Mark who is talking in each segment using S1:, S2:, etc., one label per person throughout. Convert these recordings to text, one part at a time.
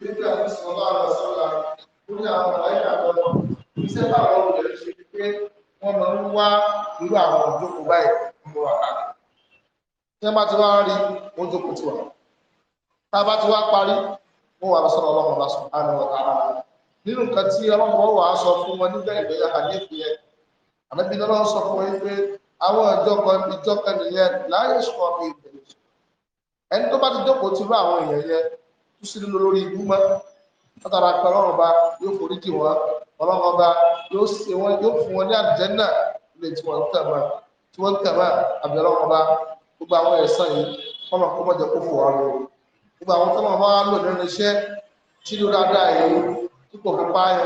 S1: Nígbà tí sọ́lá lọ sọ́lá, ó ní àwọn ọ̀láyà lọ́nà. Iṣẹ́ táwọn olùdarí ṣe ni pé wọ́n máa ń wá irú àwọn òjòkó báyìí mú wa káàkiri. Tí wọ́n bá ti wá rí òjòkó tiwa. Tá a bá ti wá parí, wọ́n wà lọ́sọ̀rọ̀ ọlọ́run ọba sùn láàrin ọ̀tá ara wọn. Nínú nǹkan tí ọlọ́run wà á sọ fún wọn nígbà ìgbéyà àdéhùn yẹn. Àmọ́ ibi ni ọlọ́run sọ fún wọn pé àwọn ìjọ kan ìjọ kan nìyẹn láyé sọ̀rọ̀ ìgbẹ ẹni tó bá ti jókòó ti rú àwọn èèyàn yẹn tó sì lílo lórí ibú mọ́ látara pé ọlọ́run ọba yóò forí jì wọ́n ọlọ́run ọba yóò ṣe wọ́n yóò fún wọn ní àlùjánnà ilé tí wọ́n ń tẹ̀ mọ́ tí wọ́n ń tẹ̀ mọ́ àbí ọlọ́run ọba gbogbo àwọn ẹ̀san yìí kọ́nà kó mọ̀jẹ̀ kó fò wọ́n lò gbogbo àwọn tọ́nà bá lò nínú iṣẹ́ tí ló dáadáa yìí tí kò fi páyọ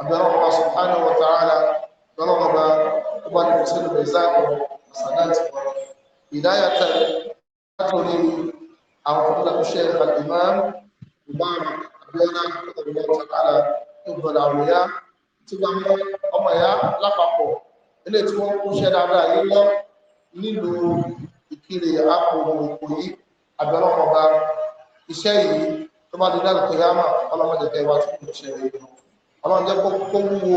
S1: àbí ọlọ́run ọba subhanahu wa ta'ala ọlọ́run ọba ó bá kò sínú bẹ̀ẹ́sà kan ọ̀sán أعطني أعطنا الشيخ الإمام مبارك أبينا قدر الله تعالى يبقى الأولياء تبقى ọmọ ìyá lápapọ̀ ilé tí wọ́n kún ṣẹ́ dáadáa yìí lọ nílùú ìkiri àpòrò òkú yìí àbẹ̀rẹ̀ ọmọba iṣẹ́ yìí tó bá di lẹ́nu tó yámà ọlọ́mọdé tẹ́ wá fún ìṣẹ́ rẹ̀ ọlọ́run jẹ́ kó wúwo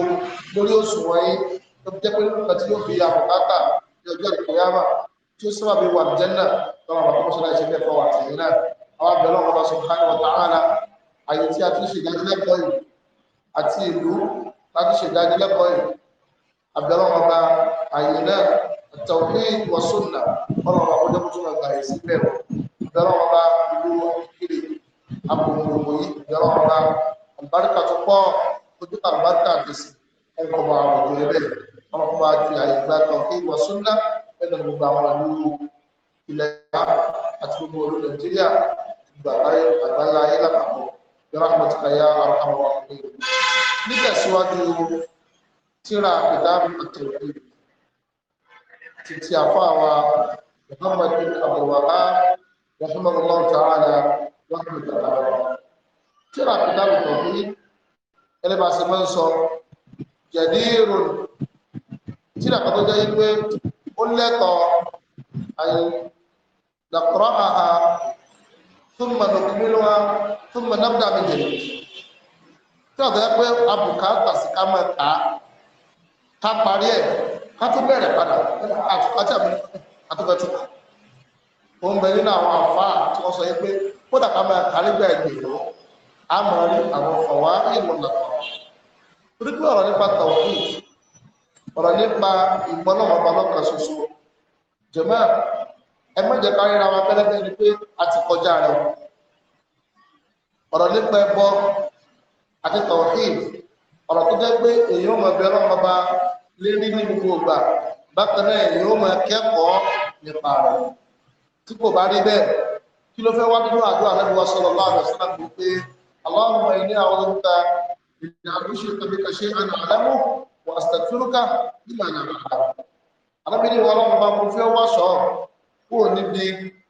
S1: lórí òṣùwọ̀n yìí tó jẹ́ tí ó sábà bí wà ní jẹ́nà lọ́wọ́ àwọn ọmọ sọ́dá ìṣẹ́fẹ́ fọwọ́ àtẹ̀yìn ta'ala àyè tí a tún ṣe ìdánilẹ́kọ̀ọ́ yìí àti ìlú láti ṣe ìdánilẹ́kọ̀ọ́ yìí abẹ́rẹ́ ọmọ bá àyè náà àtàwé wa sunna ọmọ bá ọjọ́ tó máa gbà yìí síbẹ̀ abẹ́rẹ́ ọmọ bá ìlú kiri abòmòròmò ẹgbẹ́ gbogbo àwọn ìlú ilẹ̀ àti gbogbo olú nàìjíríà àgbáńlá ayé lápapọ̀ yọrọ àmọ̀tìkàyà àwọn ọ̀rẹ́ nítẹ̀síwájú tíra àpẹta àtẹ̀wé títí àfáàwà muhammad bin abdulwahá rahman allah ta'ala rahman ta'ala tíra àpẹta àtẹ̀wé ẹlẹ́bàá sì máa ń sọ jẹ̀dírùn tíra àpẹta jẹ́ ìwé ó lẹ́tọ̀ọ́ àyè dàkúrọ́ àhà túmọ̀ lókùnrin wa túmọ̀ náà méje tí ọ̀dọ́ yẹ pé abùkà pàṣẹ ká máa kà á ká parí ẹ̀ ká tún bẹ̀rẹ̀ padà àti àmì àtúbẹ̀túbà ó ń bẹ nínú àwọn àfáà tí wọ́n sọ yẹ pé kódà ká máa kà á nígbà á máa rí àwọn ọ̀wá ìlú ọ̀nà torí pé ọ̀rọ̀ nípa tàwọn yìí ọ̀rọ̀ nípa ìgbọ́nàwọ̀ ọba lọ́kàn ṣoṣo jẹ̀mọ́ ẹ mọ̀jẹ̀ ká ríra wa pẹ́lẹ́pẹ́ ni pé a ti kọjá rẹ̀ ọ̀rọ̀ nípa ẹbọ àti tawhid ọ̀rọ̀ tó jẹ́ pé èyí ó mọ̀ bí ọlọ́run ọba lérí ní gbogbo ìgbà bákan náà èyí ó mọ̀ kẹ́kọ̀ọ́ nípa rẹ̀ tí kò bá rí bẹ́ẹ̀ kí ló fẹ́ wá nínú àdúrà lẹ́nu wa sọ̀rọ̀ láàrẹ̀ sílẹ̀ wàstàtúrúkà nígbà náà bàbá arábìnrin wọn ọlọ́run bá kún fẹ́ wá sọ kúrò níbi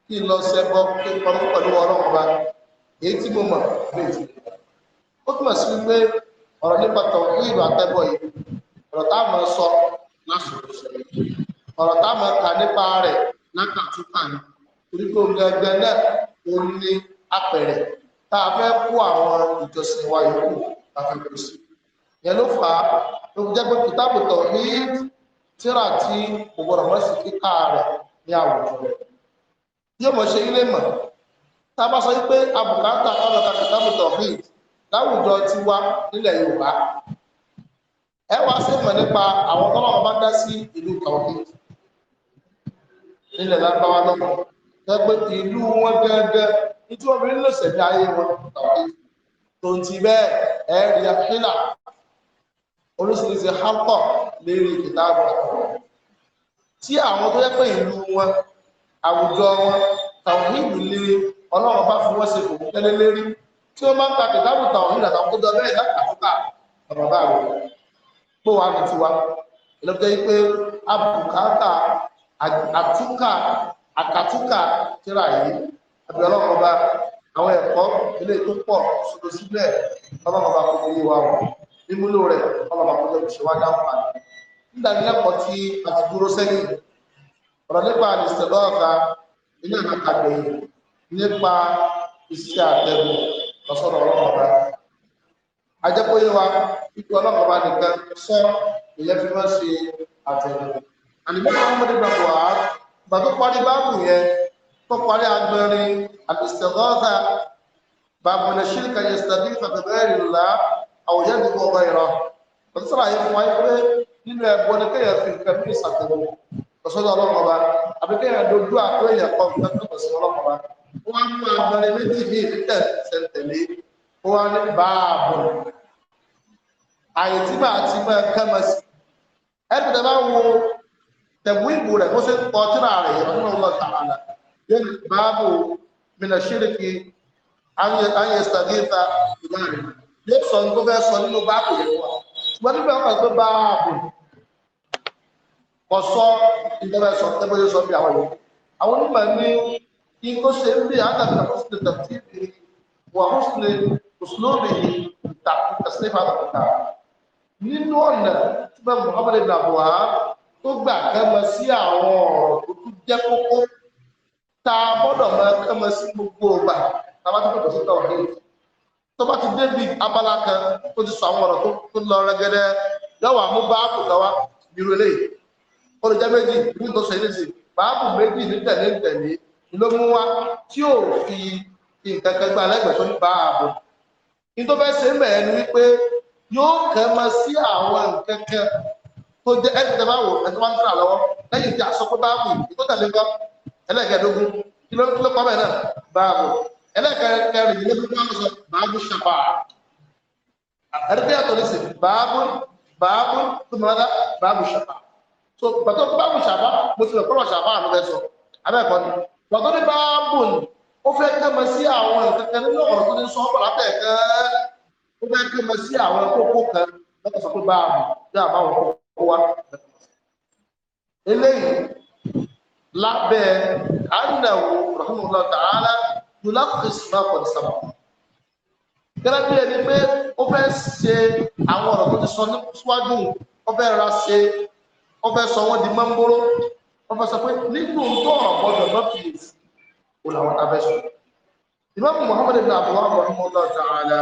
S1: kí n lọ sẹ́bọ kí n pamọ́ pẹ̀lú ọlọ́run bá èyí tí mo mọ̀ bẹ́ẹ̀ tí ó túmọ̀ sí wípé ọ̀rọ̀ nípa tọ̀hún ìlú àtẹ́bọ̀ yìí ọ̀rọ̀ tá a máa sọ lásìkò sọ̀rọ̀ ọ̀rọ̀ tá a máa kà nípa rẹ̀ lákàtúkà ní torí pé gbẹgbẹ náà òun ni apẹ̀rẹ̀ tá a fẹ́ kó àwọn ìjọsìn wa yòókù tá a sí i yẹn ló fà á ló fi jẹ́ pé kìtàbù tawhid tíra tí gbogbo ọ̀rọ̀ sí kíkà rẹ̀ ní àwùjọ rẹ̀ yóò mọ̀ ṣe ilé mọ̀ tá a bá sọ wípé abùkátà ọ̀rọ̀ ka kìtàbù tawhid láwùjọ ti wá nílẹ̀ Yorùbá ẹ wá sí mọ̀ nípa àwọn tọ́lọ́wọ́ bá dá sí ìlú tawhid nílẹ̀ lábáwá lọ́wọ́ tẹ́gbẹ́ ìlú wọn gẹ́gẹ́ nítorí wọn fi ń ayé wọn tawhid tó ń ti bẹ́ẹ̀ àfihàn oríṣiríṣi hapọ̀ lérí kìtàbù tí àwọn tó yẹ pé ìlú wọn àwùjọ wọn tàwíìlú lé ọlọ́run bá fi wọ́n ṣe kò tẹ́lẹ̀ lérí tí wọ́n máa ń ka kìtàbù tàwíìlú àtàwọn tó dọ́bẹ̀ ìdá àtúntà bàbá rẹ̀ pé wàá ní tiwa ìlọ́jọ́ yìí pé abùkátà àtúkà àkàtúkà tíra yìí àbí ọlọ́run ọba àwọn ẹ̀kọ́ ilé tó pọ̀ ṣòro síbẹ̀ ọlọ́run ọba kò ní yé wa wọ̀ mímúlò rẹ̀ ọlọ́pàá àkọ́jọ́ ìṣèwádà ń pàdé nígbà nílẹ́kọ̀ọ́ tí a ti dúró sẹ́yìn ọ̀rọ̀ nípa àdìsẹ̀lọ́ọ̀ta ilé ìmọ̀kàgbé nípa iṣẹ́ àtẹ̀wò lọ́sọ̀rọ̀ ọlọ́pàá ajẹ́kọ̀ọ́yé wa ikú ọlọ́pàá nìkan sọ ìyẹn fi máa ṣe àtẹ̀wò àníbí Muhammad ibn Buhari gbà tó parí báàbù yẹn tó parí agbẹ̀rin àdìsẹ̀lọ́ọ̀ta bàbùnà ṣílíkà yẹn sàbí ìfàgbẹ̀rẹ̀ ìlú àwòyẹ ní gbọgbọ ìrọ òtún sàlàyé fún wa pé nínú ẹbọ ni kéèyàn fi nǹkan mí ìsàkóso lọsọdọ Ọlọ́run ọba àbí kéèyàn dojú àpò èèyàn kan fún ẹgbẹ́ lọsọ Ọlọ́run ọba wọn á mú abẹrẹ méjì ní ìdíkẹ sẹńtẹlé wọn á ní báàbò àyètí bá àti mọ ẹkẹ mọ sí ẹbí tẹ bá wo tẹbú ìbò rẹ kó sì kọ yóò sọ ní kó fẹ́ sọ nínú báàbù yẹn wà wọ́n nígbà wọn pẹ̀lú báàbù kò sọ ìjọba ẹ̀sọ́ tẹ́gbẹ́ yóò sọ bí àwọn yòókù àwọn onímọ̀ ní igbó ṣe ń bí àtàkùn àkọsílẹ̀ tàbí wọ́n àkọsílẹ̀ òṣùlóòrè ìtàkùn tẹ̀sílẹ̀ fàtàkùn nínú ọ̀nà tí bẹ́ẹ̀ Muhammad ibn abuwa tó gbà kẹ́mọ sí àwọn ọ̀rọ̀ tó tún jẹ́ kókó tá a gbọ́dọ̀ mọ kẹ́mọ sí gbogbo ọgbà tá a bá tún kọ̀ sí tọ̀ tó bá ti débi abala kan ó ti sọ àwọn ọ̀rọ̀ tó lọ rẹ́gẹ́dẹ́ yọ̀wọ̀ àmú báàbù lọ́wọ́ irú eléyìí ó lè jẹ́ méjì ní tó sọ eléyìí sí báàbù méjì ní tẹ̀lé tẹ̀lé ló mú wá tí ò fi nǹkan kan gbà lẹ́gbẹ̀ẹ́ tó ní báàbù ní tó fẹ́ ṣe ń bẹ̀rẹ̀ ni wípé yóò kẹ́ mọ sí àwọn nǹkan kan tó jẹ́ ẹni tẹ́ bá wò ẹni tó bá ń tẹ̀lé lọ́wọ́ lẹ́yìn tí a sọ pé báàbù tó ẹlẹ́kẹ̀ẹ́rin ilé tó dáhùn sọ báàbù ṣàpá ẹ̀rí àtọ̀ lẹ́sẹ̀ báàbù báàbù tó mọ̀ lọ́dá báàbù ṣàpá so bàtọ́ báàbù ṣàpá mo ti lọ kọ́rọ̀ ṣàpá àmì rẹ sọ abẹ́ẹ̀kọ́ ni bàtọ́ ní báàbù ni ó fẹ́ kẹ́mọ sí àwọn ìkẹ́kẹ́ nínú ọ̀rọ̀ tó ní sọ ọ́ látẹ̀kẹ́ ó fẹ́ kẹ́mọ sí àwọn kókó kan lọ́kọ̀ sọ pé báàbù tí a bá wọn eléyìí lábẹ́ yulakis náà kọ̀ ní sábà gẹ́gẹ́ bí ẹni pé ó fẹ́ ṣe àwọn ọ̀rọ̀ tó ti sọ síwájú ó fẹ́ ra ṣe ó fẹ́ sọ wọ́n di mọ́ńbóró ó fẹ́ sọ pé nínú tó ọ̀rọ̀ gbọ́dọ̀ lọ́kìlìsì ó làwọn abẹ́sọ̀ ìmáàmù muhammad ibn abdullahi rahimahullah ta'ala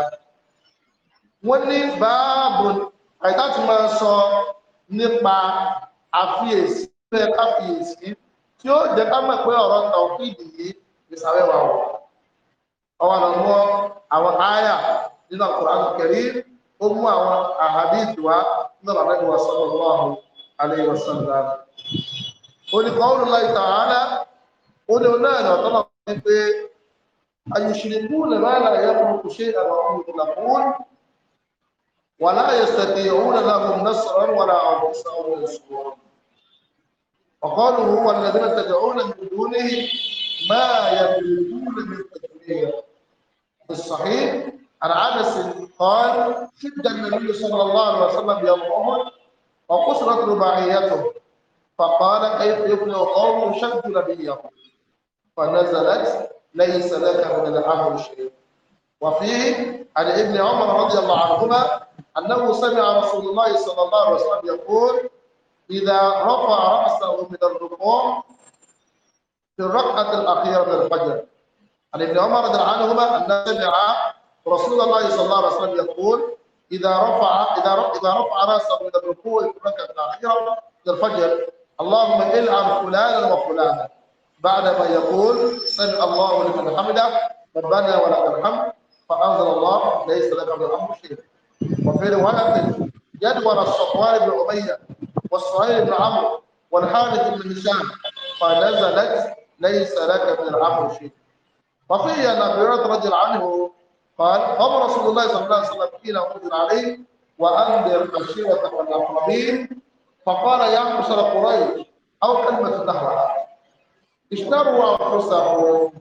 S1: wọ́n ní báàbù àìtá ti máa sọ nípa àfiyèsí fẹ́ káfíyèsí tí ó jẹ́ ká mọ̀ pé ọ̀rọ̀ tàwọn fídì yìí ìsàwẹ́wà wọ̀ ọwọ́ lọ mú àwọn àyà nínú Al-Qur'an Karim ó mú àwọn àhàdíìtì wá nínú àbẹ́bí wa sallallahu alayhi wa sallam ó ní qaulullahi ta'ala ó ní oná ẹ̀nà tó máa ń pé ayushrikuna ma la yakhluqu shay'an wa hum yukhlaqun wa la yastati'una lahum nasran wa la anfusahum في الصحيح عن عبس قال شد النبي صلى الله عليه وسلم يوم احد وقصرت رباعيته فقال كيف يبني قوم شدوا نبيهم فنزلت ليس لك من الامر شيء وفيه عن ابن عمر رضي الله عنهما انه سمع رسول الله صلى الله عليه وسلم يقول اذا رفع راسه من الركوع في الركعه الاخيره من الفجر عن ابن عمر رضي الله عنهما أن سمع رسول الله صلى الله عليه وسلم يقول إذا رفع إذا رفع, إذا رفع رأسه من الركوع في الركعة الأخيرة من الفجر اللهم العن فلانا وفلانا بعدما يقول سمع الله لمن حمده ربنا ولك الحمد فأنزل الله ليس لك من الأمر شيء وفي رواية جدول الصفوان بن أمية والصهيب بن عمرو والحارث بن هشام فنزلت ليس لك من الأمر شيء وفي أن أبي هريرة رضي الله عنه قال قام رسول الله صلى الله عليه وسلم حين قدر عليه وأنذر عشيرتك الأقربين فقال يا معشر قريش أو كلمة نحوها اشتروا أنفسهم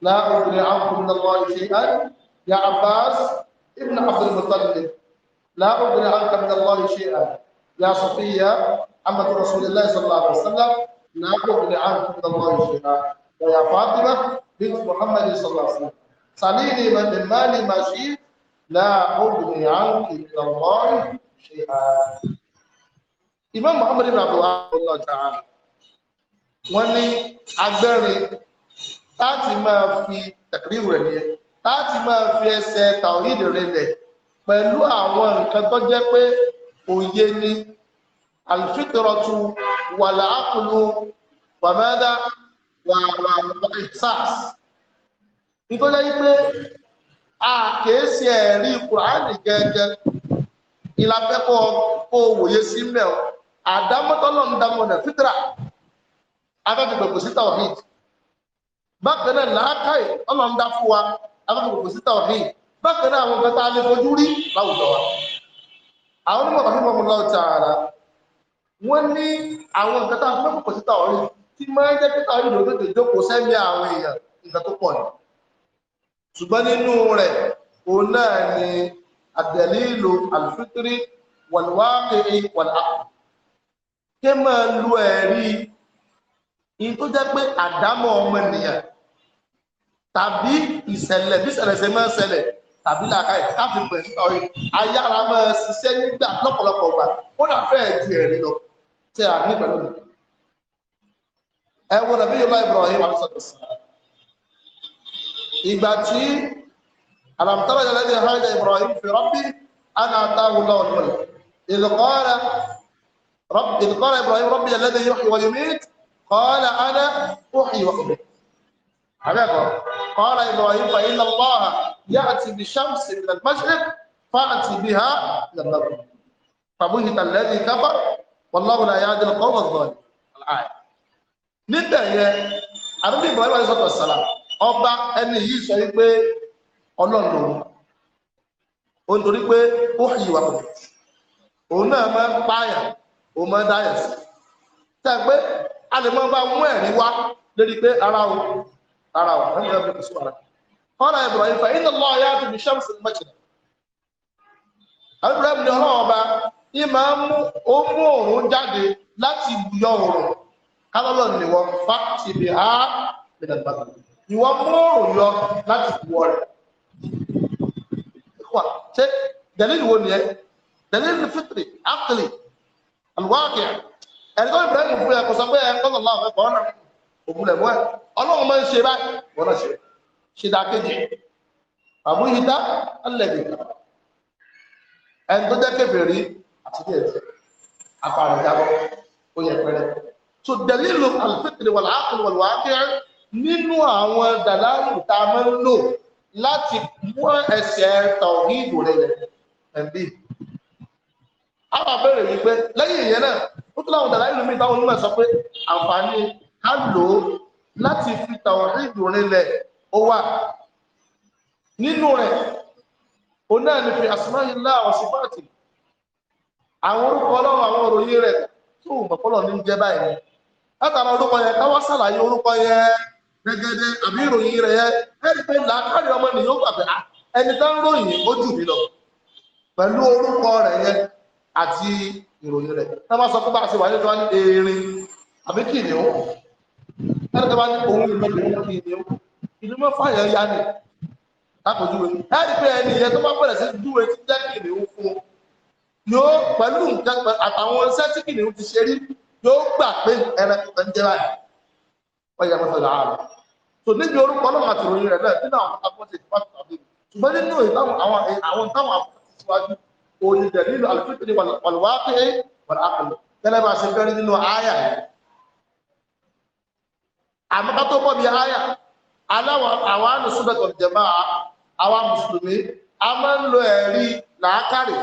S1: لا أغني عنكم من الله شيئا يا عباس ابن عبد المطلب لا أغني عنك من الله شيئا يا صفية عمة رسول الله صلى الله عليه وسلم لا أغني عنك من الله شيئا ويا فاطمة بنت محمد صلى الله عليه وسلم سليني من مالي ما شئت لا أغني عنك من الله شيئا Imam Muhammad ibn Abdullah ta'ala wọ́n ní agbẹ́rin láti máa fi tẹ̀kíríwò ẹ̀mí ẹ̀ láti máa fi ẹsẹ̀ tàwíìdì rinlẹ̀ pẹ̀lú àwọn nǹkan tó jẹ́ pé òye ni al-fitratu wal-aqlu wa madha wàrà sars nítorí pé a kìí ṣe ẹ̀rí kùránì gẹ́gẹ́ ìlàfẹ́kọ̀ kó wòye sí mẹ́ ọ àdámọ́tọ́lọ́ ń dámọ̀ nà fitra afẹ́fẹ́ kò sí tawhid bákan náà làákàyè ọlọ́run dá fún wa afẹ́fẹ́ kò sí tawhid bákan náà àwọn nǹkan tá a lè fojú rí láwùjọ wa àwọn onímọ̀ bàbá mi lọ́wọ́ tààrà wọ́n ní àwọn nǹkan tá a sí tawhid tí máa ń jẹ́ pé tàbí ìdòdó tètè jókòó sẹ́mi àwọn èèyàn nǹkan tó pọ̀ ni ṣùgbọ́n nínú rẹ̀ òun náà ni àdẹ̀lílò àlùfítírì wàlúwàkiri wàlúwàkù ké máa lu ẹ̀rí in tó jẹ́ pé àdámọ̀ ọmọ ènìyàn tàbí ìṣẹ̀lẹ̀ bí ìṣẹ̀lẹ̀ ṣe máa ń ṣẹlẹ̀ tàbí làkà ẹ̀ káfí pẹ̀lú ọ̀rẹ́ ayára máa ṣiṣẹ́ nígbà lọ́pọ̀lọpọ̀ gbà ó dà fẹ́ẹ̀ ju ẹ̀rí lọ tẹ́ àní pẹ̀lú nìkan ẹwọ nàbí yìí láì bọ̀rọ̀ yìí wà lọ́sọ̀tọ̀ sí ìgbà tí alamtara yẹn lẹ́yìn hajj ibrahim fi rabbi ana atahu lọ́wọ́ lọ́wọ́ ìlùkọ́ra ìlùkọ́ra ibrahim rabbi yẹn lẹ́yìn yóò wọ́n yóò mìíràn kọ́ra ana òhì wọ́n mi. àbẹ́kọ̀ kọ́ra ibrahim fa iná lọ́ha yá àti bí shamsi ilẹ̀ masjid fa àti bí ha lọ́wọ́. fàbúhìtà lẹ́yìn kábà wọ́n lọ́wọ́ la yá àdìlẹ̀ kọ́ níbẹ̀ yẹn àdúgbò ìbọn ìwà ìsọ̀tọ̀ sàlà ọba ẹni yìí sọ wípé ọlọ́run o ó pé ó pọ̀ òun náà máa ń òun máa ń dáyà sí pé a lè máa bá mú ẹ̀rí wá lórí pé ara o ara o ẹ̀mí ẹ̀mí kò sí wàrà ọ̀nà Ibrahim fa iná lọ́ọ̀ yá fi kálọ́lọ́ ni wọ́n fa ti bi ha gbẹdàgbàgbà ìwọ mọ́rùn yọ láti wọ rẹ̀ wà ṣe dalil wo nìyẹn dalil fitri akili alwaki ẹni tó ń bẹ̀rẹ̀ ìfúri ẹ̀ kò sọ pé ẹ̀ ń kọ́ lọ́la ọ̀fẹ́ kọ́ ọ̀nà òbúlẹ̀ mọ́ ẹ̀ ọlọ́run máa ń ṣe báyìí wọ́n náà ṣe ṣe dákéjì àmúhìdá alẹ́bí ẹni tó jẹ́ kébèrè àti díẹ̀ apàrọ̀ ìjábọ̀ ó yẹ pẹ́rẹ́ so dalilu alfitri wal aql wal waqi' nínú àwọn dàláàrù tá a máa ń lò láti mú ẹsẹ̀ tàwíìdù rẹ̀ ẹ̀bí àwọn abẹ́rẹ̀ yìí pé lẹ́yìn ìyẹn náà ó tún láwọn dàláàrù mi táwọn onímọ̀ sọ pé àǹfààní ká lò ó láti fi tàwíìdù rinlẹ̀ ó wà nínú rẹ̀ ó náà ní fi asmaillah wa sifati àwọn orúkọ ọlọ́run àwọn òròyìn rẹ̀ tó mọ̀kọ́lọ̀ ní jẹ́ báyìí látara orúkọ yẹn káwá sàlàyé orúkọ yẹn gẹgẹdẹ àbí ìròyìn rẹ yẹn ẹni pé làákàrí ọmọ nìyẹn ó gbà pé ah, ẹni tá ń ròyìn ó jù mí lọ pẹ̀lú orúkọ rẹ yẹn àti ìròyìn rẹ tá bá sọ pé bá a ṣe wà nípa ní erin àbí o ẹni tó bá ní òun ìlú mẹ́jọ kìnìún ìlú mẹ́fà yẹn yá ni lápòjúwe ẹni pé ẹni yẹn tó bá bẹ̀rẹ̀ sí dúwe ti jẹ́ kìnìún fún yóò pẹ̀lú nǹkan àtàwọn iṣẹ́ tí kìnìún ti ṣe rí yóò gbà pé ẹranko kan jẹ́ báyìí wọ́n yẹ mọ́tò làárọ̀ tó níbi orúkọ ọlọ́run àti ìròyìn rẹ̀ náà nínú àwọn akọ́ṣe ìfipáṣọ àbí ṣùgbọ́n nínú àwọn àwọn táwọn akọ́ṣe síwájú òní dẹ̀ nínú àlùfíìpìlì wàlúwàápé wàlúwàápìlì tẹ́lẹ̀ bá ṣe fẹ́rí nínú àyà àmọ́ ká tó bọ́ bí àyà aláwọ̀ àwọn àlùsúnbẹ̀tọ̀ jẹ̀má àwa mùsùlùmí a máa ń lo ẹ̀rí làákàrè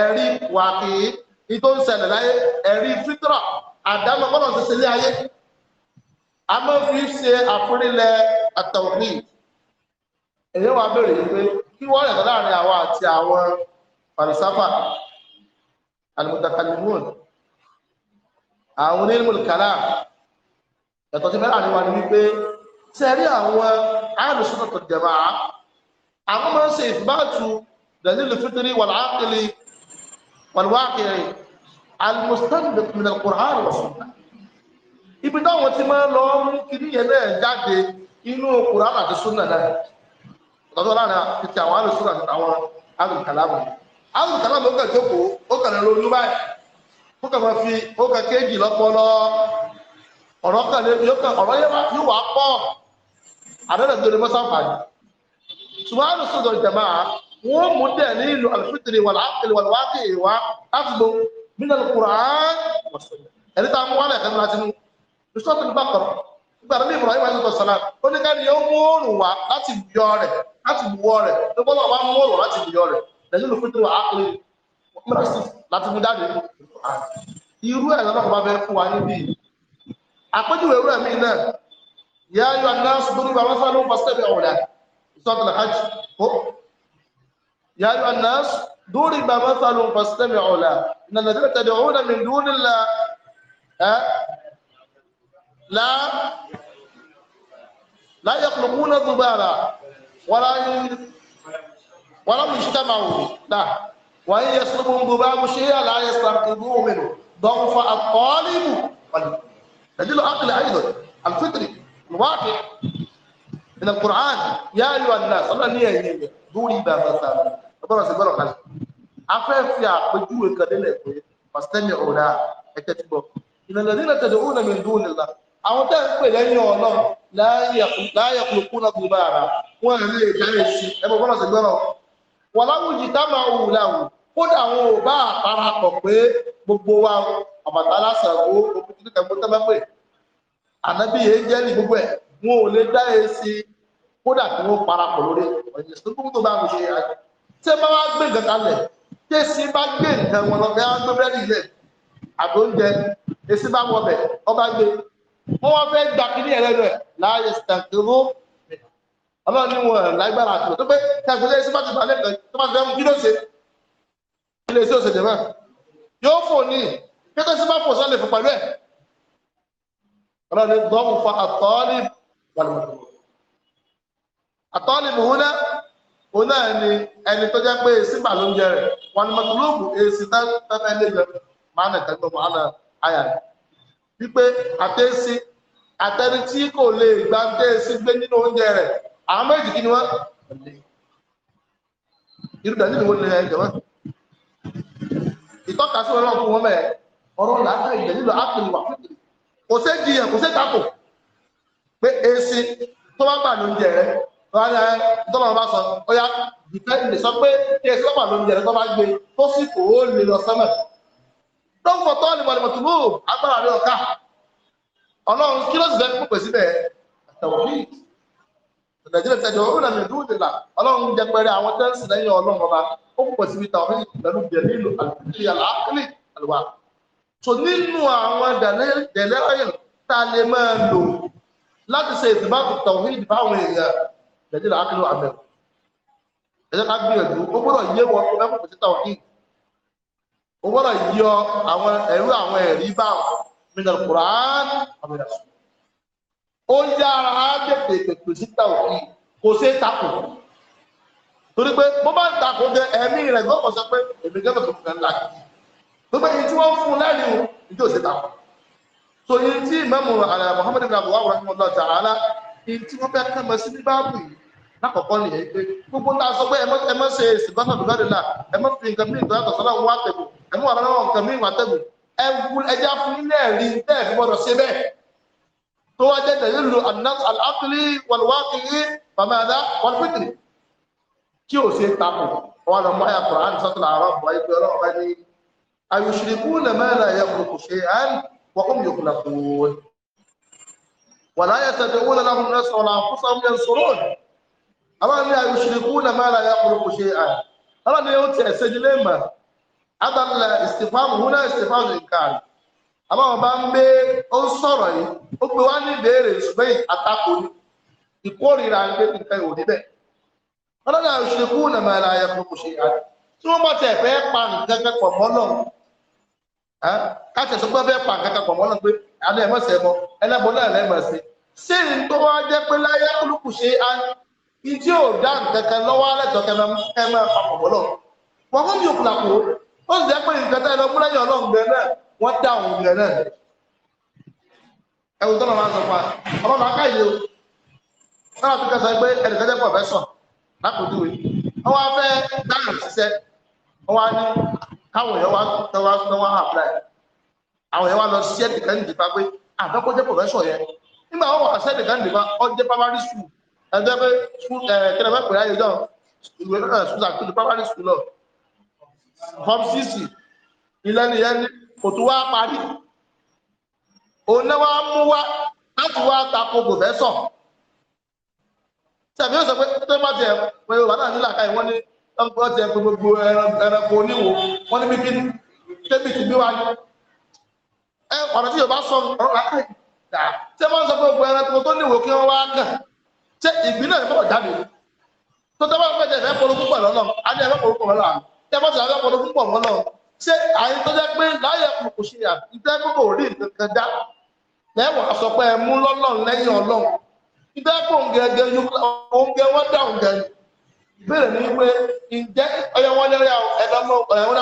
S1: ẹ̀rí wàkìí ìtò ń ṣẹlẹ̀ láyé ẹ̀rí fítírà àdámọ́ bọ́lọ̀ ti ṣe ní ayé a máa fi ṣe àforílẹ̀ àtọ̀rí èyí wà bèèrè pé kí wọ́n rẹ̀ láàrin àwọn àti àwọn fàlùsáfà alìmọ̀tàkàlìmọ̀n àwọn onímọ̀lùkàlà ẹ̀tọ́ ti mẹ́rà níwà ní wípé tẹ̀rí àwọn àrùsùn tó jẹ̀mà àwọn máa ń ṣe ìfìbáàtù dẹ̀lílù wàlá àkìlì wàlúwàkì almustanbit min alquran wa sunna ibi táwọn ti máa lọ mú kiri yẹn náà jáde inú quran àti sunna náà ọ̀tọ̀tọ̀ láàrin títí àwọn alùsùn àti àwọn alùkàlámù alùkàlámù ó kàn jókòó ó kàn lọ ní báyìí ó kàn máa fi ó kàn kéjì lọ́pọlọ ọ̀rọ̀ kan lè yóò kàn ọ̀rọ̀ yẹn yóò wá pọ̀ àdánù ìgbèrè mọ́sáfà yìí ṣùgbọ́n alùsùn àti jàmáà wọ́n mú dẹ̀ ní ìlú alifitiri wàlúwàkì ìwà afbo minal Qur'an ẹni tá a mú wálẹ̀ kan láti mú lùsọ́tò ní bàkọ̀rọ̀ nígbà tó ní Ibrahim alayhi wa sallam ó ní káni yóò mú òòrùn wá láti bùyọ rẹ̀ láti bùwọ́ rẹ̀ tó gbọ́dọ̀ wá mú òòrùn láti bùyọ rẹ̀ lẹ́yìn olùfitiri wà á pè mẹ́rẹ́sì láti mú jáde irú ẹ̀ lọ́nà kọ́ba bẹ́ẹ̀ fún wa níbí àpéjúwe ewúrẹ́ يا أيها الناس ضرب مثل فاستمعوا له إن الذين تدعون من دون الله ها لا لا يخلقون ذبابا ولا ين... يجتمعوا اجتمعوا له وإن يسلبهم ذباب شيئا لا يستنقذوه منه ضعف الطالب دليل العقل أيضا الفطري الواقع من القرآن يا أيها الناس الله نية dórí ibà àtàtà ọgbọ́dọ̀ sí gbọ́dọ̀ kàlẹ̀ afẹ́ fi àpèjúwe kan nílẹ̀ pé pàṣẹmi ọ̀dà ẹ̀kẹ́ ti bọ̀ ìlànà nílẹ̀ tẹ̀lé òun náà mi dùn nílà àwọn tẹ́ ń pè lẹ́yìn ọlọ́run láàyè kúlùkù náà gbogbo ara wọn rí ìdáyè sí ẹgbẹ́ gbọ́dọ̀ sí gbọ́dọ̀ wọn láwùjì tá máa wù láwù kódà àwọn ò bá àparapọ̀ pé gbogbo wa àbàtà lásán owó òkú títí kẹgbọ́n tẹ́ bá pè ànábì yẹn jẹ́ ní gbogbo ẹ̀ wọn ò lè dá èsì kódà kí wọ́n parapọ̀ lórí ọ̀yìn ìsìnkú tó bá ń ṣe ayé tí ẹ bá wá gbé nǹkan kalẹ̀ tí èsì bá gbé nǹkan wọn lọ bí wọ́n gbé bẹ́ẹ̀ nílẹ̀ àbí oúnjẹ èsì bá wọ bẹ̀ ọba gbé wọ́n wá fẹ́ gba kíní ẹ̀rẹ́ rẹ̀ láàyè sàkérò ọlọ́run wọn lágbára àtúntò tó pé kẹsìlẹ̀ èsì bá ti balẹ̀ kan tó bá fẹ́ mú kí ló ṣe ilé ẹ̀ àtọ́lìbù húnná òun náà ni ẹni tó jẹ́ pé èsì gbà ló ń jẹ rẹ̀ wọn ni mọ̀tòlóògùn èsì tẹ́tẹ́ ilé jẹ máa nà tẹ́tọ́ mọ́ àná àyà rẹ̀ wípé àtẹ́sí àtẹni tí kò lè gba tẹ́sí gbé nínú oúnjẹ ni wọ́n irú dàní ni wọ́n lè ẹ̀ jẹ̀wọ́ ìtọ́ka sí wọn lọ́kùn wọn mẹ́ ọ̀rọ̀ làákà ìjẹ̀ nílò ápìlì wà fìtìrì kò sé jiyàn kò sé tako pé èsì tó bá gbà lóúnjẹ rẹ̀ tọ́lọ́run bá sọ ó yá ìfẹ́ ilé sọ pé kí ẹ sọ́pà ló ń jẹ tó bá gbé tó sì kò ó lè lọ sọ́mọ̀ lọ́pọ̀ tó lè mọ̀lẹ́mọ̀ tùbú agbára rẹ̀ ọ̀ká ọlọ́run kí ló sì fẹ́ púpẹ̀ síbẹ̀ àtàwọ̀bí nàìjíríà ti ẹjọ́ òun àmì ìdúró nìlà ọlọ́run jẹ pẹrẹ àwọn tẹ́ǹsì lẹ́yìn ọlọ́run ọba ó púpọ̀ síbi tàwọn pẹ̀lú jẹ̀lí àti àlàákìlì àlùwà so nínú àwọn dẹ̀lẹ́rẹ́yìn tá a lè máa lò láti ṣe ìtìbá tàwọn ìdìbá àwọn èèyàn jẹ́jẹ́ àkílò àmẹ́rù ẹ̀jẹ́ ká gbìyànjú ó gbọ́dọ̀ yé wọn tó mẹ́fún pèsè tàwọn kíì ó gbọ́dọ̀ yọ àwọn ẹ̀rú àwọn ẹ̀rí bá mìíràn Qur'an àwọn ẹ̀rọ ó yára tètè pèpè sí tàwọn kíì kò sí takò torí pé bó bá ń takò jẹ ẹ̀mí rẹ̀ gbọ́kọ̀ sọ pé èmi gẹ́gẹ́ tó fún ẹ̀ láti tó pé ìtí wọ́n fún lẹ́nu ìjọ sí takò so ìtí ìmọ̀mù àlẹ́ Muhammad ibn Abdullah rahimahullah ta'ala ìtí wọ́n fẹ́ kẹ́mọ̀ sí ní báàbù yìí lákọ̀ọ́kọ́ nìyẹn pé gbogbo tá a sọ pé ẹ mọ́ ṣe ìsìnkọ́sọ̀ bí gọ́dọ̀ náà ẹ mọ́ fi nǹkan mìíràn tọ́lá tọ́lá wọn àtẹ̀gùn ẹ mọ́ àwọn nǹkan mìíràn àtẹ̀gùn ẹ wú ẹjá fún ilé rí bẹ́ẹ̀ fi gbọ́dọ̀ ṣe bẹ́ẹ̀ tó wá jẹ́ tẹ̀lé lu alákìlì wàlúwàkìlì bàmáadá wàlúfìtìrì kí o ṣe tapò wọn lọ mọ àyàkùrọ̀ àti sọ́tìlà àárọ̀ bọ̀ ẹgbẹ́ ọlọ́run bá ní aláwọn ní àyùsùlùkù náà máa láyà kúrúkú ṣe à aláwọn ní ó tiẹ̀ ṣẹ́jú lẹ́ẹ̀mà adàlẹ̀ ìsìfàmù húnà ìsìfàmù nǹkan àbáwọn bá ń gbé ó ń sọ̀rọ̀ yìí ó gbé wá ní ìbéèrè ṣùgbọ́n àtakò ní ìkórìíra ń gbé nǹkan ìwò níbẹ̀ aláwọn ní àyùsùlùkù náà máa láyà kúrúkú ṣe à tí wọ́n bá tẹ̀ fẹ́ pa nǹkan kẹ́kọ̀ọ́ mọ́lọ̀ káṣẹ̀ sọgbọ́n fẹ́ pa nǹkan kẹ́kọ̀ọ́ mọ́lọ̀ pé àná ẹ̀mọ́sẹ̀ mọ́ ẹlẹ́bọ̀ náà lẹ́mọ̀ ìdí ò dá nǹkankan lọ́wọ́ alẹ́tọ̀ kẹmẹ papọ̀ bọ́lọ̀ wọn kún mi ò kùlà kù ó sì jẹ́ pé nǹkan tá ẹlọ múlẹ́yìn ọlọ́run gbẹ náà wọ́n dá òun gbẹ náà ẹ̀wù tọ́lọ̀ máa ń sọ pa ọmọ máa ká yìí o náà tó kẹsàn pé ẹnìkan jẹ́ pọ̀ fẹ́ sàn lápòjúwe wọn wá fẹ́ dáhùn ṣiṣẹ́ wọn wá ní káwọn èèyàn wá tẹ wá tẹ wá àpláì àwọn èèyàn wá lọ sí ẹnìkan nìdí pa pé àfẹ́kọ́jẹ́ pọ̀ fẹ́ sàn yẹn nígbà wọn wà sẹ́nìkan nìdí pa ọjẹ́ primary school ẹjọ́ pé kẹrẹfẹ́ pẹ̀lú ayéjọ́ ìwé náà ṣúlá tó lè pápá ní ṣúlọ̀ form 6 ilẹ̀ ni yẹn kò tó wá parí òun náà wá mú wá láti wá tako pòfẹ́sọ̀ tẹ̀bí ó sọ pé tó má jẹ pé Yorùbá náà nílà káyì wọ́n ní ọgbọ́n jẹ gbogbo ẹranko oníwo wọ́n ní bíbí débi tí bí wáyé ẹ ọ̀rọ̀ tí Yorùbá sọ ọ̀rọ̀ lákàyè tẹ́ máa ń sọ pé gbogbo ẹranko tó níwò kí wọ́n wá kàn ṣé ìgbín náà ìfọwọ́ jáde tó tẹ́ bá fẹ́ jẹ́ ìfẹ́ polówó pọ̀ lọ́nà á ní ẹ̀fẹ́ polówó pọ̀ lọ́nà ẹ bá sọ̀rọ̀ ẹ̀fẹ́ polówó pọ̀ lọ́nà ṣé àyè tó jẹ́ pé láyé kò ṣe yà ìfẹ́ kò rí nǹkan dá lẹ́wọ̀n sọ pé ẹ mú lọ́nà lẹ́yìn ọlọ́run ìfẹ́ kò ń gẹ́gẹ́ oúnjẹ wọn dáhùn gẹ́ ìbéèrè ní pé ǹjẹ́ ọyọ wọn lẹ́rẹ́ ẹ̀dọ́mọ ọ̀rẹ́wọn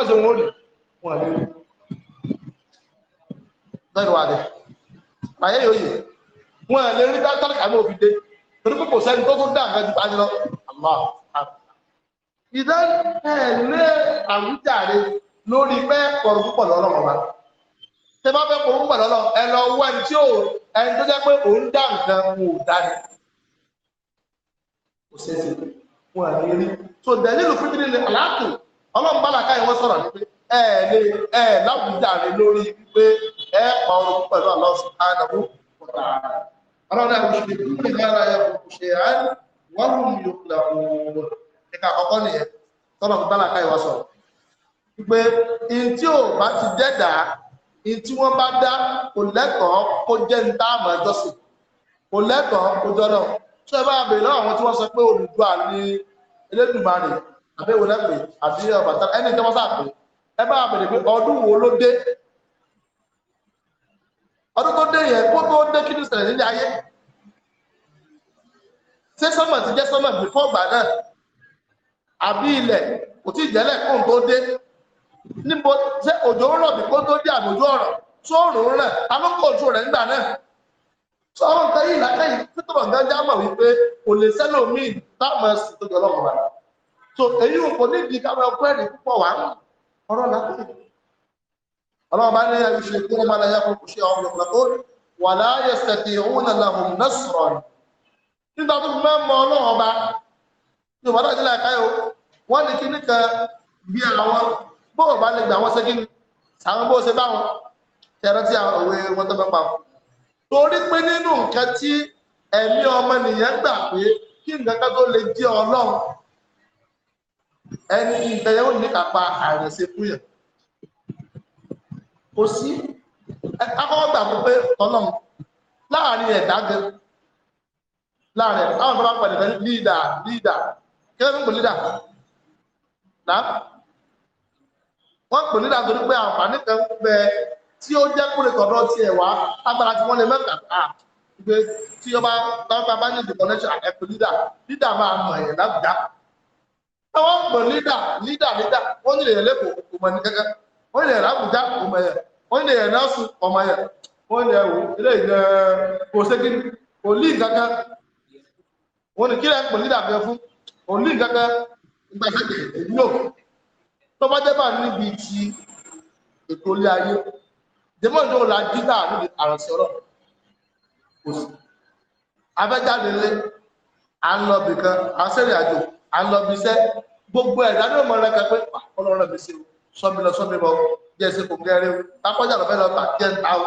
S1: náà wọn ò ò lẹ́nu àdẹ àyè yóò yẹ wọn lè rí tálíkà ní òfin dé torí pé kò sẹ́ni tó tún dá nǹkan ju tani lọ àmọ́ ìdá ẹ̀ lé àwùjáde lórí pé kọ̀rọ̀ púpọ̀ lọ́rọ̀ ọ̀bá tẹ bá fẹ́ kọ̀rọ̀ púpọ̀ lọ́rọ̀ ẹ lọ wọ ẹni tí ò ẹni tó jẹ́ pé òun dá nǹkan kò dání kò sẹ́sẹ́ wọn àní rí so dẹ̀lílù fídírì ni àlàákù ọlọ́run bá làkà yẹn wọ́n sọ̀rọ̀ ní pé ẹ lè ẹ láwùjáde lórí pé ẹ pa orúkú pẹ̀lú Allah subhanahu wa ta'ala ọlọ́run àwọn òṣèlú kí ní ara ẹ̀ kò ṣe à ń wọ́n mú mi ò kúlẹ̀ òun ẹ̀ka àkọ́kọ́ nìyẹn tọ́lọ̀ ń bára káyọ̀ sọ̀rọ̀ pé in tí ò bá ti dẹ́dà in tí wọ́n bá dá kò lẹ́tọ̀ọ́ kò lẹ́tọ̀ọ́ tí ẹ bá bèèrè lọ́wọ́ àwọn tí wọ́n sọ pé Odùduwà ní Elédùmarè àbẹ́wò lẹ́pẹ̀ àbí Ọbàtálá ẹni tí wọ́n ẹ bá bèèrè pé ọdún wo ló dé ọdún tó dé yẹn kó tó dé kí ní ṣẹlẹ̀ nílé ayé ṣé sọ́mọ̀ ti jẹ́ sọ́mọ̀ bí fọ́gbà náà àbí ilẹ̀ kò tí ìjẹ́lẹ̀ kó tó dé níbo ṣé òjò ń rọ̀ bí kó tó dé àbójú ọ̀rọ̀ tó rùn rẹ̀ ta ló kó ojú rẹ̀ nígbà náà tó ọ̀rọ̀ nǹkan yìí látẹ̀yìn títọ̀rọ̀ nǹkan já mọ̀ wípé kò lè sẹ́lò míì táwọn ẹ̀sìn tó jọ lọ́wọ́ wa so èyí ò kò nídìí káwọn ọkọ ẹ̀rí púpọ̀ wà ọ̀rọ̀ látẹ̀yìn ọlọ́run bá ní ẹ̀rí ṣe kí wọ́n máa lẹ́yà fún kò ṣe àwọn ọmọ wà láàyè sẹ̀tì òun náà lahùn nẹ́sọ̀rọ̀ ni nígbà tó fi máa ń mọ ọlọ́run ọba ní ìwádà ìdílé àkáyọ wọ́n ní kí nìkan bí àwọn bóò bá lè gbà wọ́n ṣe kí ni bó ṣe bá wọn tẹ̀rọ tí àwọn òwe wọn tó fẹ́ pa wọn. torí pé nínú nǹkan tí ẹ̀mí ọmọ nìyẹn gbà pé kí nǹkan kan tó lè jẹ́ ọlọ́run ẹni ìgbẹ̀yẹ̀wò ní kápá àrẹ̀ṣe yẹn kò sí akọ́kọ́ gbà mú pé tọ́lọ́m láàrin ẹ̀dá gan láàrin àwọn tó bá pẹ̀lú ní lídà lídà kí lẹ́nu pè lídà náà wọ́n pè lídà torí pé àǹfààní kan bẹ tí ó jẹ́ kúrè tọ̀dọ̀ ti ẹ̀ wá agbára tí wọ́n lè mẹ́ta à gbé tí ó bá bá bá ní ìdìbò connection ẹ̀pẹ̀ lídà lídà máa mọ̀ ẹ̀yẹ̀ lágbàá wọ́n pè lídà lídà lídà wọ́n nílẹ̀ lẹ́kọ̀ọ́ kò mọ̀ ní kẹ́kẹ́ wọ́n lè rábùjá ọmọ ẹ̀ wọ́n lè ẹ̀nàṣù ọmọ ẹ̀ wọ́n lè ẹ̀wò ilé ìlẹ̀ òṣèkìrì òlí ìgangan wọ́n ni kílẹ̀ pẹ̀lú ìdàbẹ̀ fún òlí ìgangan ìgbàsẹ̀kẹ̀ ìlú tó bá jẹ́ bá níbi ti ètò ilé ayé dèmọ́ ní òun lajú láàrin àrùnsí ọ̀rọ̀ kò sí abẹ́jáde lé à ń lọ bìkan à gbogbo ẹ̀dá ní òmò rẹ̀ kẹpẹ́ ọlọ́run rẹ̀ sọmi lọ sọmi bọ jẹ́ ṣe kò gẹ́rẹ́ o tápọ́jà lọ fẹ́ lọ tà jẹ́ ń ta o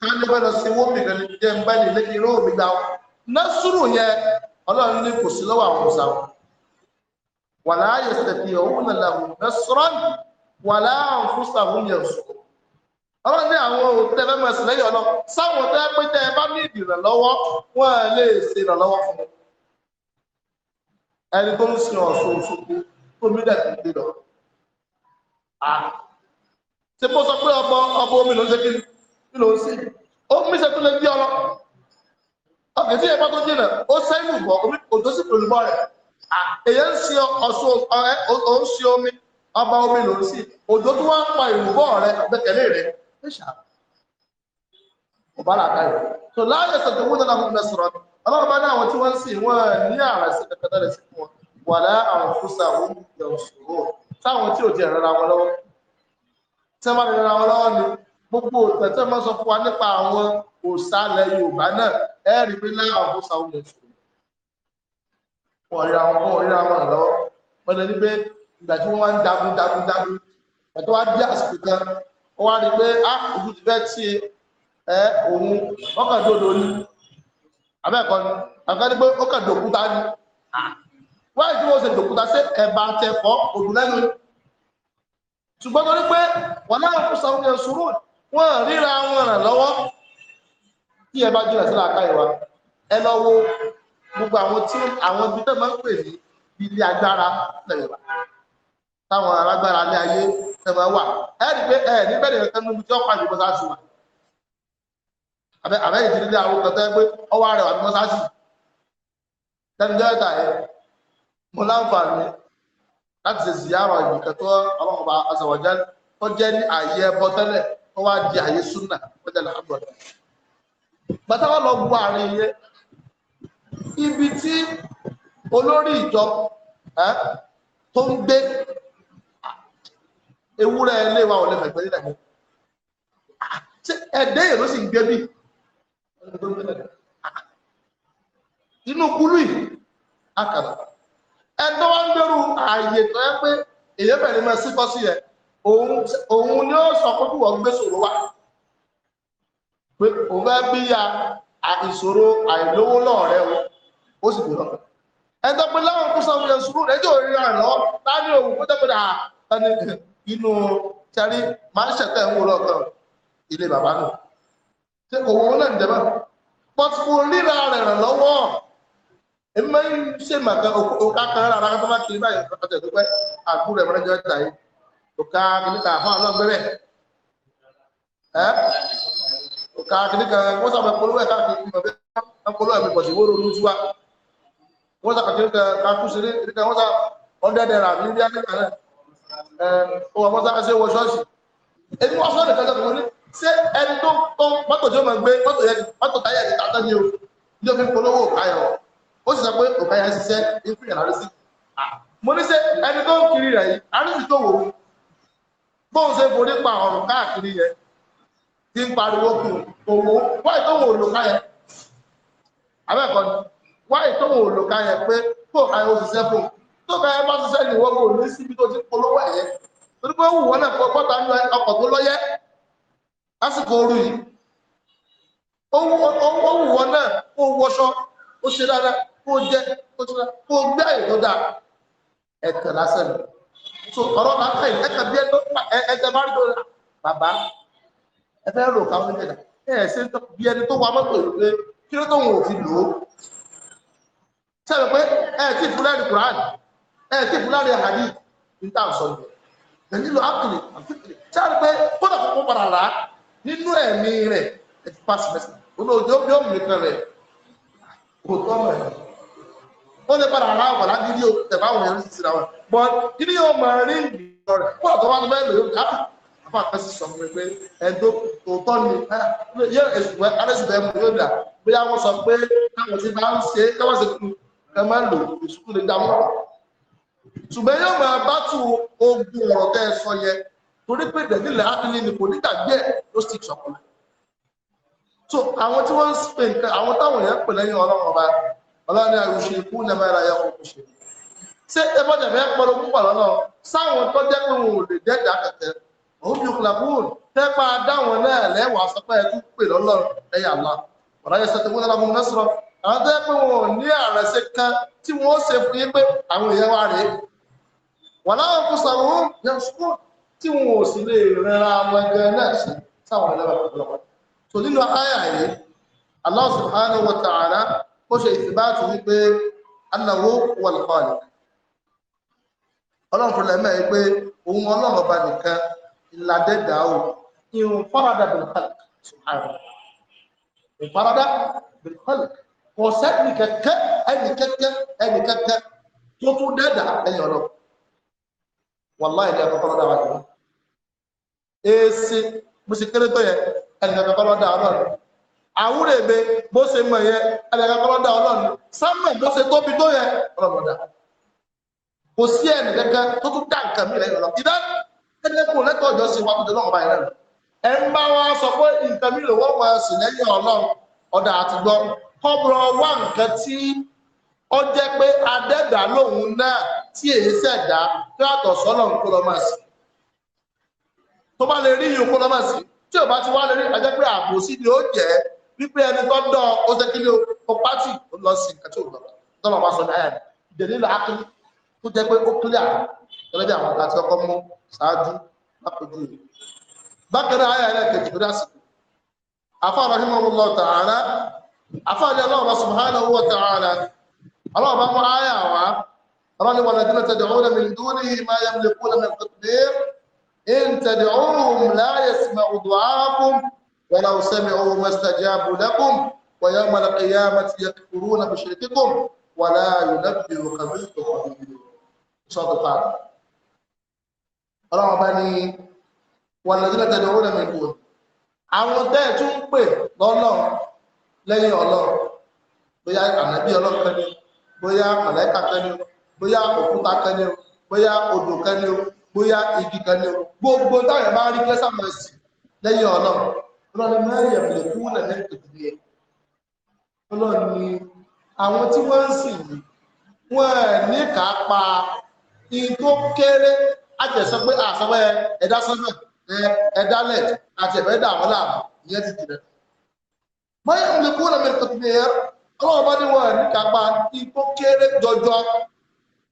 S1: káńdé fẹ́ lọ sí owó mi kan jẹ́ ń bẹ́ẹ̀ nílé irọ́ mi gbà o násùrù yẹn ọlọ́run ní kò sí lọ́wọ́ àwọn ọ̀sà o wàlá yẹsẹ̀tì ọ̀hún nàlàhùn násùrọ̀nì wàlá àǹfùsàhùn yẹn sùn ọlọ́run ní àwọn òtẹ́ fẹ́ mọ̀ sí lẹ́yìn sáwọn tẹ́ pé tẹ́ bá ní ìdìrànlọ́wọ́ wọn lè ṣe ìrànlọ́wọ́ fún ẹni tó ń sin ọ̀ṣun òṣogbo tó mí dẹ̀ lọ ṣe bó sọ pé ọbọ ọbọ omi ló ń ṣe kí ni ló ń ṣe ó mí ṣe tó lè bí ọlọ ọkẹ tí ẹgbẹ́ tó jìnà ó sẹ́yìn bọ̀ omi òjò sì pèlú bọ́ rẹ̀ èyí ń ṣe ọ̀ṣun ó ń ṣe omi ọba omi ló ń ṣe òjò tó wá ń pa ìrùbọ̀ rẹ̀ àgbẹ̀kẹ̀lé rẹ̀ ń ṣà ọba làkà yìí tó láàyè sọ̀tún wọn náà fún mẹ́sàn-án ọlọ́run bá ní àwọn tí wọ́n ń sìn wọ́n ní àrà sí kẹkẹrẹ táwọn tí ò ti ẹ̀rọ ra wọn lọ́wọ́ tí wọ́n bá rẹ̀ ra wọn lọ́wọ́ ni gbogbo òtẹ̀ tí wọ́n sọ fún wa nípa àwọn òsàlẹ̀ Yorùbá náà ẹ rí pé lára àwọn òsà omi ẹ̀sùn wọn ríra wọn wọn ríra wọn lọ́wọ́ wọn lè ní pé ìgbà tí wọ́n wá ń dagun dagun dagun ìgbà tí wọ́n àsìkò kan wọ́n wá rí pé á òkú ti fẹ́ tí ẹ òun ọkàn tó lórí abẹ́ẹ̀kọ́ ni àbẹ́ẹ̀kọ́ ni wáyé tí wọ́n ṣe dòkúta sí ẹ̀bà àtẹ̀fọ́ òdùlẹ́nu ṣùgbọ́n torí pé wọ́n náà fún sàrúkẹ sùúrù wọ́n ríra wọn ràn lọ́wọ́ tí ẹ bá jìnà sí làákà ìwà ẹ lọ wo gbogbo àwọn tí àwọn ibi tẹ́ máa ń pè ní ilé agbára lẹ́yìnbá táwọn alágbára ní ayé tẹ́ máa wà ẹ rí pé ẹ ní bẹ́ẹ̀ nìkan níbi tí ó pàdé mọ́sáàsì wà àbẹ́ àbẹ́ ìdílé àwọn kan tẹ́ pé ọwọ́ rẹ̀ wà ní mọ́sáàsì tẹ́lifíṣẹ́ mo láǹfààní láti ṣe ziyara ìbìkan tó àwọn ọba azọwọjá tó jẹ ní ààyè ẹbọ tẹ́lẹ̀ tó wá di ààyè súnà tó jẹ làbọdà bàtà wà lọ gbọ́ àárín iye ibi tí olórí ìjọ tó ń gbé ewúrẹ́ ilé wa ò lè fẹ̀gbẹ́ nílẹ̀ mọ́ ẹ̀dẹ́ yìí ló sì ń gbé bí inú kúlù àkàrà ẹni tó wá ń gbèrú ààyè tó yẹ pé èyí bẹ̀rẹ̀ mọ́ sí bọ́ sí yẹ òun ni ó sọ pé wọ́n gbé ṣòro wá pé òun fẹ́ bí ya ìṣòro àìlówó náà rẹ wọn ó sì gbèrò ẹni tó pé láwọn kó sọ fún sùúrù rẹ tí ò rí ràn lọ láàrin òun kó tẹ́pẹ́ dà ẹni inú tẹ́rí máa ń ṣẹ̀tẹ̀ ń wò lọ́kàn ilé bàbá náà ṣé òun náà ń jẹ́ bá pọtifù rírà rẹ̀ ràn lọ́wọ́ ẹmọ ń ṣe màkà òkà kan rárá tó bá kiri báyìí nǹkan tẹ̀ dúpẹ́ àbúrò ẹ̀mọ́ lọ́jọ́ ìta yìí òkà kìnnìkà fún ọlọ́gbẹ́rẹ́ ẹ́ òkà kìnnìkà wọ́n sábà polówó ẹ̀ka kìnnìkà mọ̀ bẹ́ẹ̀ polówó ẹ̀mí pọ̀sí wóró ní tiwa wọ́n sábà kìnnìkà kakú sí kìnnìkà wọ́n sábà ọ̀dẹ́ dẹ̀rà ní bí akẹ́kà náà ẹ̀ ọwọ́ wọ́n sábà ṣe wọ ṣọ́ọ̀ṣì èmi wọ́n sọ́ọ̀dẹ̀ kẹta tó ní ṣé ẹni tó mọ́tò tí ó máa gbé mọ́tò yẹn mọ́tò táyà ìtàtà o ó sì sọ pé òkáyà ṣiṣẹ́ ikú yàrá rí sí ah, mo ní ṣe ẹni tó ń kiri rẹ̀ yìí àríṣì tó wò ó bóun ṣe forí pa ọ̀rùn káàkiri yẹn ti ń pariwo kù òwò wáyé tó wò ó lò káyẹ abẹ́ẹ̀kọ́ ni wáyé tó wò ó lò káyẹ pé kó òkáyà ó ṣiṣẹ́ fún tó bá yẹ bá ṣiṣẹ́ ìwọ́ kò ní síbi tó ti polówó ẹ̀yẹ torí pé wùwọ́ náà kọ́ pọ́tà ń lọ ọkọ̀ tó lọ́yẹ́ lásìkò ooru yìí ó wùwọ́ náà ó wọṣọ ó ṣe dáadáa kó jẹ kó ṣe kó gbé àyè tó dáa ẹ̀tẹ̀ lásán ni so ọ̀rọ̀ làákà yìí ẹ̀ka bí ẹ̀jẹ̀ bá rí tó rà bàbá ẹ fẹ́ rò káwọn ẹ̀jẹ̀ ẹ̀ ṣe bí ẹni tó wa mọ́tò yìí pé kí ló tó wọn ò fi lò ó sẹ́yìn pé ẹ̀ tí fúlẹ́rì Quran ẹ̀ tí fúlẹ́rì hadith ní tá à ń sọ yìí ẹ̀ nílò ápìlì àfikìlì sẹ́yìn pé kódà kókó padà rà á nínú ẹ̀mí rẹ̀ ẹ̀ ti pass message olóòjó bí ẹ̀ wọ́n lè padà ra ọ̀pàdà gidi o tẹ̀fà àwọn èèyàn ti ra wọn but kí ni yóò máa rí ìgbìmọ̀ rẹ̀ fún àtọ́wá tó bẹ́ẹ̀ lè yóò dábì àfa àfẹsí sọ fún mi pé ẹ̀dọ́ tòótọ́ ni ah, yẹ èsùn bẹ́ẹ̀ alẹ́sùn bẹ́ẹ̀ mú yóò dà bóyá wọ́n sọ pé káwọn ti máa ń ṣe káwọn ṣe kú ẹ máa ń lò ìṣùkú lè dá wọn. ṣùgbọ́n yóò máa bá tu ogun ọ̀rọ̀ tẹ́ ẹ sọ yẹn torí pé dẹ̀nílẹ̀ áfíní ni kò nígbàgbé ẹ̀ ló sì sọkùnrin. so àwọn tí wọ́n ń pè nǹkan àwọn táwọn èèyàn pè lẹ́yìn ọlọ́run ọba ọlọ́ni àrùṣe ikú nàmẹ́ra ya kò ṣe ṣe ẹbọ́dẹ̀ fẹ́ pọ̀lọ́ púpọ̀ lọ́nà sáwọn tó jẹ́ pé wọn ò lè dẹ́dà kẹ̀kẹ́ òun bí òkúlà bóun tẹ́pà dáwọn náà lẹ́wàá sọ pé ẹtú pè lọ́lọ́ ẹ̀yà ńlá ọ̀rọ̀ ayé sọ́tẹ̀ wọ́n lábọ́ nọ́sọ̀rọ̀ àwọn tó jẹ́ pé wọn ò ní àrẹ̀sẹ̀ kan tí wọ́n ṣe fún yín pé àwọn èèyàn wà rèé wọ́n láwọn kó sọ̀rọ̀ wọn yẹn sùkúrù tí wọn ò sì lè rẹra ó ṣe ìfìbáàtù wípé annahu wal khaliq ọlọ́run fúnlẹ̀ mẹ́rin pé òun ọlọ́run ọba nìkan ìlàdẹ́dà o ìhùn fárádà bil khalq subhanahu ìhùn fárádà bil khalq kò sẹ́ni kẹ̀kẹ́ ẹni kẹ̀kẹ́ ẹni kẹ̀kẹ́ tó tún dẹ́dà ẹ̀yìn ọlọ́run wàláì mo sì kéré tó yẹ ẹni kẹ̀kẹ́ fárádà ọlọ́run àwúrèbe bó ṣe mọ̀ yẹ ẹ̀dẹ̀ka tọ́lọ́dà ọlọ́run sámẹ̀ bó ṣe tóbi tó yẹ ọlọ́mọdà kò sí ẹnì kankan tó tún dá nǹkan mi lẹ́yìn ọlọ́ ìdá ẹ̀dẹ́kùn lẹ́tọ̀ọ́ ìjọsìn wa tó jẹ́ lọ́wọ́ báyìí lẹ́nu ẹ̀ ń bá wa sọ pé nǹkan mi lò wọ́n máa sì lẹ́yìn ọlọ́run ọ̀dà àtijọ́ kọ́bùrọ̀ wá nǹkan tí ó jẹ́ pé adẹ́dà lòun náà tí èyí ṣẹ̀dá tó yàtọ̀ sọ́lọ̀ ń tó bá lè rí ìyókù lọ́ tí ò bá ti wá lè rí ajẹ́ àbòsí ni ó jẹ́ wípé ẹni tó dán ó ṣe kí ni o pátì ó lọ sí nǹkan tí ò lọ tọ́lọ̀ bá sọ ní àyà ìdèlè là á tó jẹ́ pé ó clear gẹ́gẹ́ bí àwọn ọ̀gá tí ọkọ mú ṣáájú lápòjú rẹ̀ bákan náà àyà kejì lórí àsìkò afa rahimahullah ta'ala afa ni ولو سمعوا ما استجابوا لكم ويوم القيامة يكفرون بشرككم ولا ينبئك مثل خبير صاد القادة رغبني والذين تدعون من دون àwọn tẹ́ ẹ̀ tún ń pè lọ́lọ́run lẹ́yìn ọlọ́run bóyá ànábì ọlọ́run kan ni bóyá màláíkà kan ni bóyá òkúta kan ni bóyá odò kan ni bóyá igi kan gbogbo táwọn bá rí kẹsàmọ̀sì lẹ́yìn ọlọ́run ọlọ́ni mẹ́rin ẹ̀bùlẹ̀kú nà ní ìpìlẹ̀ ọlọ́ni àwọn tí wọ́n ń sìn yìí wọ́n ní kápá ìtó kéré àjẹsọ pé àsọpẹ́ ẹ̀dá sọ́nà ẹ̀dálẹ̀ àti ẹ̀bẹ̀dà àwọn láàmú ìyẹn ti jìnà mẹ́rin ẹ̀bùlẹ̀kú nà ní ìpìlẹ̀ ọlọ́wọ́ bá ní wọ́n ní kápá ìtó kéré jọjọ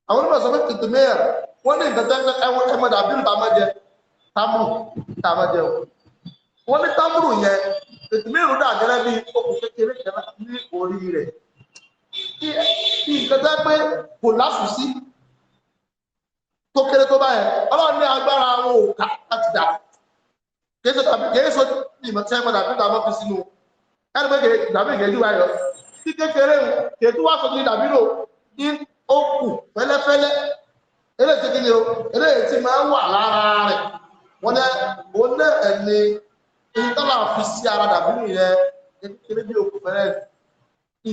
S1: àwọn onímọ̀ sọ pé ìpìlẹ̀ wọ́n ní ìtẹ́tẹ́ ẹmọdà bí wọ́n ní tábùrù yẹn tètèmírù dà gẹ́gẹ́ bí okùn kékeré kan ní orí rẹ̀ kí nǹkan tẹ́ pé kò láfù sí tó kéré tó báyẹn ọlọ́run ní agbára àwọn òkà láti dà kéèso tàbí kéèso ìmọ̀ tí wọ́n dàbí tàbí fi sínú ẹni pé dàbí ìgẹ́jú wa yọ tí kékeré kéètú wá sójú dàbí lò ní okùn fẹ́lẹ́fẹ́lẹ́ eléyìí tí kí ni o eléyìí tí máa ń wà lára rẹ̀ wọ́n ní ẹni èyí tọ́lá fi sí ara dàbínú yẹ kékeré bí òkú fẹ́rẹ́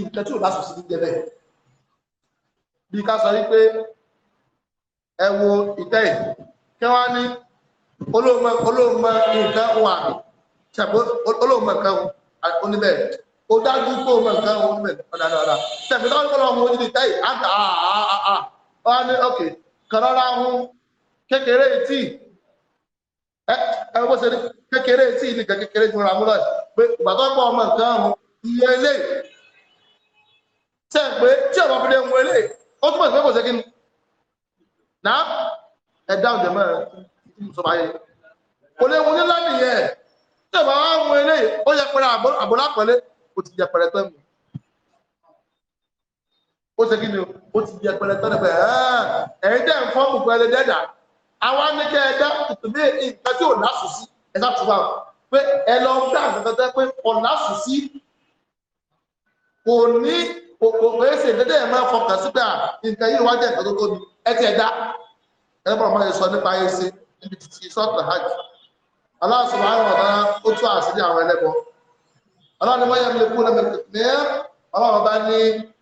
S1: nǹkan tí ò bá sùn sí jẹ bẹ́ẹ̀ bí ká sọ wípé ẹ wo ìtẹ́ yìí kí wọ́n ní olóòmọ olóòmọ nǹkan wà ṣàbó olóòmọ nǹkan oníbẹ̀ ó dájú pé òmọ nǹkan oníbẹ̀ ọ̀dàdàdà ṣàbí tó ń kọ́ lọ́wọ́ ojú ìtẹ́ yìí á ń ta àà àà àà wọ́n á ní ok kọ̀rọ̀ra hun kékeré tíì ẹ bó ṣe ní kékeré tí ìlú ìgbà kékeré ju ra mú lọ pé ìgbà pọ̀ ọmọ nǹkan ọ̀hún iye ilé ṣe pé tí ọmọ fúnlé ń wọlé ó túmọ̀ sí pé kò ṣe kí ni nà ẹ dáhùn jẹ mẹ́rin tí mo sọ báyé kò lè wọlé lánìí yẹn tí ọmọ wa ń wọlé ó yẹ pẹ̀lẹ́ àbọ̀lá pẹ̀lẹ́ ó ti yẹ pẹ̀lẹ́ tẹ́mu ó ṣe kí ni ó ti yẹ pẹ̀lẹ́ tẹ́mu àwọn anìkẹ́ ẹ̀dá ìtòlé nǹkan tí ò lásù sí ẹ̀dá tó wà pé ẹ lọ ń dá nǹkan tó pé ò lásù sí kò ní òkòkò ẹsẹ̀ dédé ẹ̀ máa fọkàn síbẹ̀ nǹkan yìí wájú ẹ̀ka tó tóbi ẹ ti ẹ̀dá ẹ bọ̀ máa sọ nípa ẹsẹ̀ níbi títí sọ́ọ̀tà hajj Allah subhanahu wa ta'ala ó tún àṣírí àwọn ẹlẹ́bọ ọlọ́run wọ́n yẹ mi kú lẹ́mẹ̀ ní ọlọ́run bá ní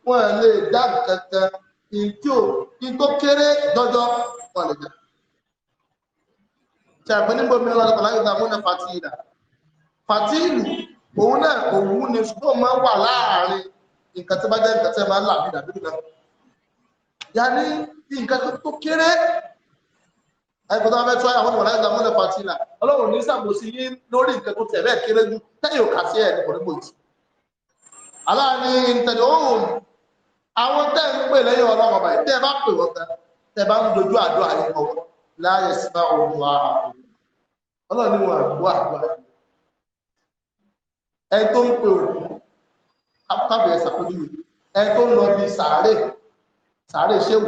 S1: wọ́n lè dá kankan ní tó kéré jọjọ wọ́n lè dá tí a gbé nígbò mi lọ́dọ̀ láyé ìta múnà fatíìlà fatíìlù òun náà òun ni ṣùgbọ́n máa wà láàárín nǹkan tí bá jẹ́ nǹkan tí máa là ní ìdàbí náà yà ní nǹkan tó kéré ẹgbẹ́ tó bá fẹ́ tó àwọn ìwà láyé ìta múnà fatíìlà ọlọ́run ní sàbòsí yín lórí nǹkan tó tẹ̀ bẹ́ẹ̀ kéré ju tẹ́yìn ò kà sí ẹ̀ nípa onígbò láyé sí bá òun wà àwọn ọlọ́run ní wọn àgbọ́ àgbọ́ ẹ tó ń pe òkú kábẹ̀ ẹ̀ sàkójúwe ẹ tó ń lọ bí sàárè sàárè ṣéwù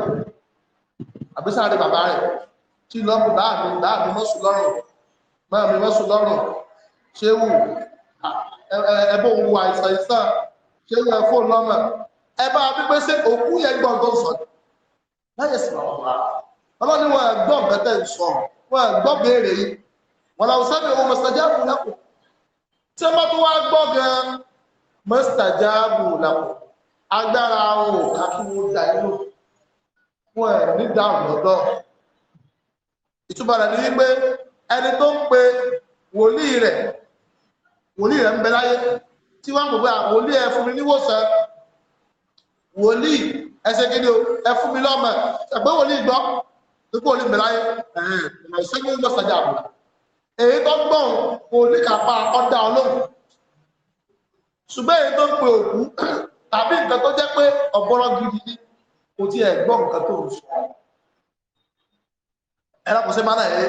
S1: àbí sàárè bàbá rẹ̀ tí lọ́pù bá mi bá mi mọ́sù lọ́rùn máa mi mọ́sù lọ́rùn ṣéwù ẹbọ́ òun àìsàn ìsàn ṣéwù ẹ fóònù lọ́mọ ẹ bá a pípé sí òkú yẹn gbọ́n tó ń sọ láyé sì máa wà ọlọ́ni wọn bẹ́tẹ̀ sọ wọn gbọ́ béèrè yìí wọn làwọn sábẹ̀ wọn mọ̀sàjáàbù lápò tí wọ́n tó wá gbọ́ gan mọ̀sàjáàbù lápò agbára wọn ò ká fún ẹ̀ ní dáhùn lọ́dọ̀ ìtumọ̀ rẹ̀ ni wípé ẹni tó ń pe wòlíì rẹ̀ wòlíì rẹ̀ ń bẹ láyé tí wọ́n ń gbogbo àwọn wòlíì ẹ fún mi níwòsàn wòlíì ẹsẹ̀ gidi o ẹ fún mi lọ́mọ ẹgbẹ́ wòlíì gbọ́ nípò wòlíì bẹ láyé ẹ̀ẹ́n ìmọ̀ ìṣẹ́gun ló sàjà àbùkù èyí tó gbọ́n kò ní kápá ọ̀dà ọlọ́run ṣùgbọ́n èyí tó ń pe òkú tàbí nǹkan tó jẹ́ pé ọ̀gbọ́rọ̀ gidi ni kò tí ẹ̀ gbọ́ nǹkan tó ń sọ ẹ̀rọ kò sí máa náà yẹ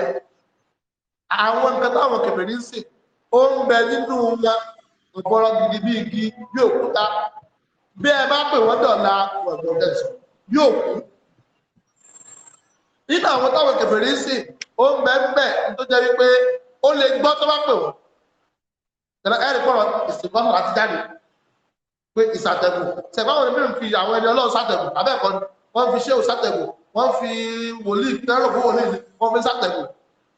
S1: àwọn nǹkan táwọn kẹfẹ́ ní sìn ó ń bẹ nínú wọn ọ̀gbọ́rọ̀ gidi bí igi bí àwọn táwọn kẹfẹ́ ní ó ń bẹ tó jẹ́ wípé ó lè gbọ́ tó bá pè wọ́n tẹ̀lé ẹ̀rí pọ̀rọ̀ ìsìnkọ́nù àti jáde pé ìsàtẹ̀gùn tẹ̀gbọ́n ní fi àwọn ẹni ọlọ́run sàtẹ̀gùn abẹ́ẹ̀kọ́ ni wọ́n fi ṣéwù sàtẹ̀gùn wọ́n fi wòlíì tẹ́rọ fún wòlíì wọ́n fi sàtẹ̀gùn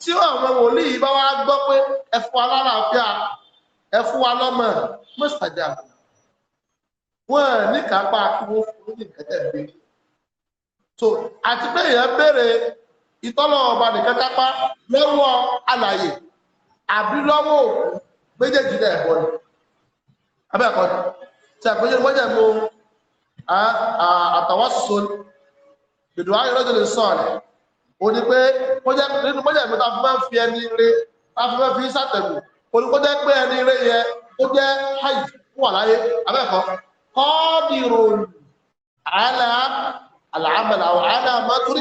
S1: tí àwọn wòlíì bá wá gbọ́ pé ẹ fún wa lálàáfíà ẹ fún wa lọ́mọ mọ́sàdá wọ́n ní kápá akíwó fún ní kẹ́tẹ̀ gbé so àti pé èèyàn béèrè ìtọ́lọ̀ ọba nìkan kápá lọ́wọ́ àlàyé àbí lọ́wọ́ òkú méjèèjì náà ẹbọ ni abẹ́ẹ̀kọ́ tí a pèjì wọ́n jẹ́ mú àtàwọ́sùn ìdùn ayọ́rọ́jọ́ lè sọ rẹ̀ o ní pé nínú mọ́jẹ̀ mi ta fi máa ń fi ẹni rẹ ta fi máa fi sàtẹ̀gù o ní kó jẹ́ pé ẹni rẹ yẹ ó jẹ́ háì wà láyé abẹ́ẹ̀kọ́ kọ́ọ̀dìrún àlàámàlà jẹ́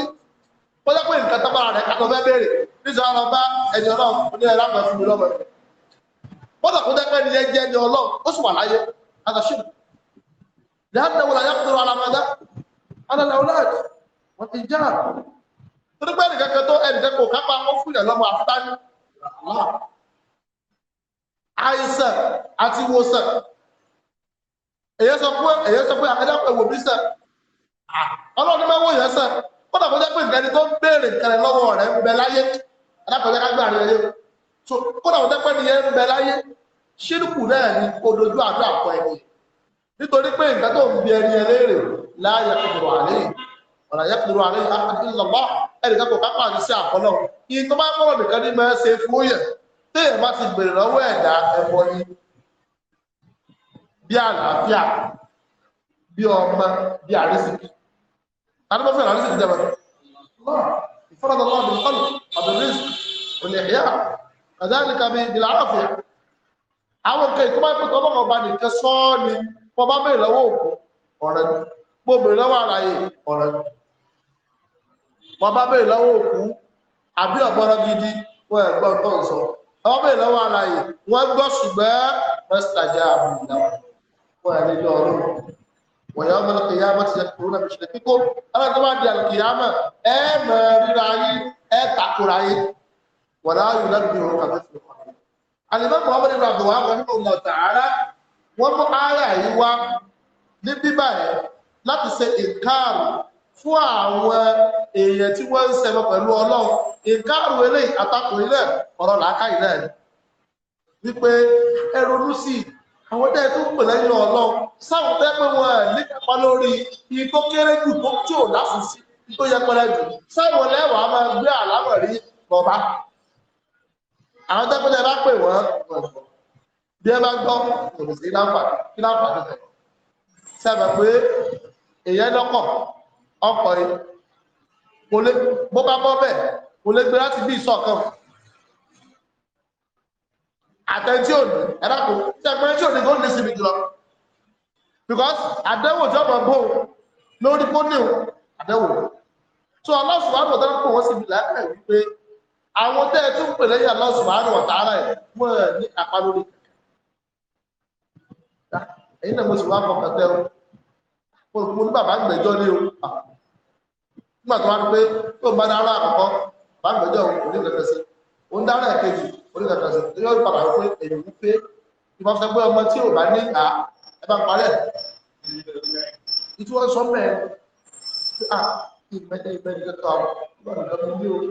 S1: pé nǹkan tábàrà rẹ̀ kátó fẹ́ béèrè nítorí àwọn bá ẹni ọlọ́run oní ẹ̀rọ àgbà fún mi lọ́mọ rẹ̀ bọ́dọ̀ kó dẹ́pẹ́ ni ẹ jẹ́ ẹni ọlọ́run ó sì wà láyé àtàṣe lẹ́yìn àwọn àyà kúrò alamọ́dá alálẹ́ ọlọ́run wọ́n ti já torí pé ẹnìkan kan tó ẹnìkan kò kápá ó fún ìyàn lọ́mọ àfitáni àìsàn àti ìwòsàn èyẹ sọ pé èyẹ sọ pé àkàdá ẹwò mi sẹ ọlọ́run ní mẹ́wọ́ yẹn sẹ bọ́dọ̀ kó dẹ́pẹ́ ìgbẹ́ni tó ń béèrè kẹrẹ lọ́wọ́ rẹ̀ ń bẹ láyé alákọ̀ọ́já kágbà rẹ̀ yóò so kódà wọ́n tẹ́pẹ́ ni ẹ ń bẹ láyé ṣírùkù náà ni kò dojú àdúrà kọ ẹni nítorí pé nǹkan tó ń bi ẹni ẹlẹ́rẹ̀ láàyè kúrò àlẹ́ ọ̀nà yẹ kúrò àlẹ́ ìlọ́lọ́ ẹni kan kò kápá ní sí àkọlọ́ yìí tó bá kọ́rọ̀ nìkan ní mẹ́ ṣe fún yẹ téèyàn bá ti bèrè lọ́wọ́ ẹ̀dá ẹ̀bọ ni bí àlàáfíà الرزق والإحياء كذلك بالعافية àwọn nǹkan ìtọ́ bá ń pẹ́tọ́ ọlọ́run ọba nìkan sọ́ọ́ ni wọ́n bá bèèrè lọ́wọ́ òkú ọ̀rẹ́ ni bó bèèrè lọ́wọ́ ara yìí ọ̀rẹ́ ni wọ́n bá bèèrè lọ́wọ́ òkú àbí ọ̀gbọ́rọ̀ gidi wọ́n ẹ̀ gbọ́ tó ń sọ wọ́n bèèrè lọ́wọ́ ara yìí wọ́n gbọ́ ṣùgbọ́n mẹ́sítà jẹ́ àmì ìdáwọ́ wọ́n ẹ̀ nílé ọ̀rọ̀ wọ̀nyá ọmọ kìyàmọ́ ti yẹ kúrò náà fi ṣe kíkó ẹ takora yìí wọ̀dá yìí lẹ́nu ìrọ̀ kàbí fún ọkọ̀ yìí alìmọ́ muhammed ibn abdul wahab nínú ọmọ tààrà wọ́n mú ara yìí wá ní bíbá ẹ̀ láti ṣe ìkáàrù fún àwọn èèyàn tí wọ́n ń ṣẹbọ pẹ̀lú ọlọ́run ìkáàrù eléyìí àtakò ilẹ̀ ọ̀rọ̀ làákà ilẹ̀ àwọn dẹ́ tó pè lẹ́yìn ọlọ́run sáwọn tẹ́ pé wọ́n nípa lórí igbó kéré jù tó tí ò lásìsí tó yẹ pẹ̀lẹ́ jù sáwọn lẹ́wàá máa gbé àlámọ̀ rí lọ́ba àwọn tẹ́pẹ́lẹ́ bá pè wọ́n bí ẹ bá gbọ́ kò sí láǹfààní kí láǹfààní tẹ̀ sábà pé èyẹ lọ́kọ̀ ọkọ̀ yìí kò lè bó bá bọ́ bẹ́ẹ̀ kò lè gbé láti bí ìsọ̀kan àtẹ̀ntí òní ẹ̀dá kò tẹ̀pẹ́ntí òní kò ní síbi jùlọ because àdẹ́wò tí ọmọ bò lórí pọ́nìwò àdẹ́wò tó aláṣùwárò tó ń pè wọ́n síbi láàárẹ̀ wípé àwọn tẹ́ ẹ tún pè lẹ́yìn aláṣùwárò ọ̀tàrà ẹ̀ wọ́n ẹ̀ ní apá lórí ẹ̀yìn náà mo sì wá fọkàn tẹ́ o mo rò pé bàbá gbẹ̀jọ́ ní o nígbà tó wá pé tó ń bá ní ara àkọ́kọ́ bàbá gbẹ̀jọ́ òun kò ní kẹ̀kẹ́ sí ó ń dára ẹ̀kejì ó kẹ̀kẹ́ sí ó yọ bàbá wípé èyí wípé ìbá fẹ́ pé ọmọ tí ò bá ní à ẹ bá parẹ́ ìtúwọ́sọ́mẹ́ à ah, ìgbẹ́tẹ̀ ìgbẹ́tẹ̀ tó àwọn ìgbàlódé ọmọ ilé orí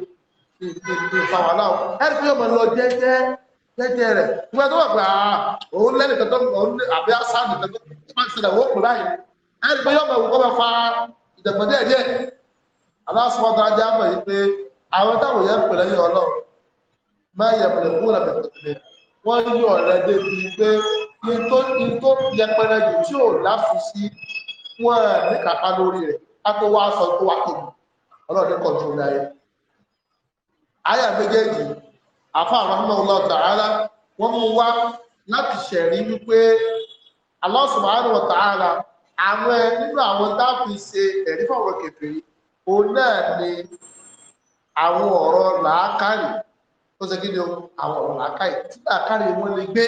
S1: ìfàwà láwọn ẹ̀rí tí yóò mọ̀ lọ jẹ́jẹ́ jẹ́jẹ́ rẹ̀ ìgbà tó wà pé òun lẹ́nu tọ́tọ́ àbí asáàdì tọ́tọ́ tí wọ́n ti ṣẹlẹ̀ wọ́n kù láyé ẹ̀rí pé yóò mọ̀ wọ́n bẹ fa ìdẹ̀gbọ̀dẹ́ ẹ̀dẹ́ aláṣọ́dá ajá mọ̀ yìí pé àwọn táwọn yẹn pè lẹ́yìn ọlọ́run máa yẹ pẹ̀lẹ́ kúrò lẹ́bẹ̀ pẹ̀lẹ́ wọ́n yí ọ̀rẹ́ débi pé ní tó yẹpẹrẹ jù tí ò láfi sí wọn ní kápá lórí rẹ̀ kátó wá sọ tó wà kò ọlọ́ọ̀dẹ́ kọ̀ọ̀tù láyé àyà méjèèjì ụlọ ta'ala wọ́n láti wípé Allah subhanahu àwọn nínú àwọn dáàfin ṣe ẹ̀rí fọ̀rọ̀ kẹfẹ́ òun náà ni àwọn ọ̀rọ̀ làákàrí ó ṣe àwọn ọ̀rọ̀ làákàrí tí làákàrí wọn lè gbé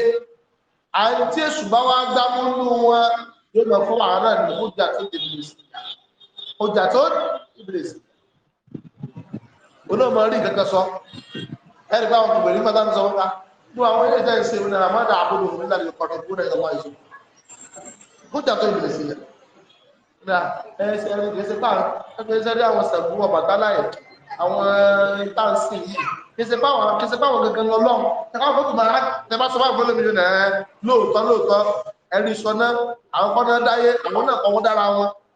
S1: àti èṣù bá wá wọn yóò lọ fún ọjà tó iblis onáà máa rí kankan sọ ẹni bá wọn kò bẹ̀rẹ̀ nípa táwọn sọ wọn ká ní àwọn ilé ìjẹ́ ìṣe ìrìnà àmọ́ dà àbúrò òun nílà ìlú kọ̀ọ̀kan kúrò ìjọba ìṣó ọjà tó iblis yẹ nígbà ẹsẹ ẹni kìí ṣe táwọn ẹgbẹ́ iṣẹ́ dé àwọn sẹ̀kú ọ̀bà táláyè àwọn táǹsì yìí kìí ṣe báwọn kìí ṣe báwọn gangan lọ lọ́wọ́ ẹ̀ka fún tùmọ̀ ara tẹ bá sọ fún àgbọ̀lẹ̀ àwọn kọ́ná dáyé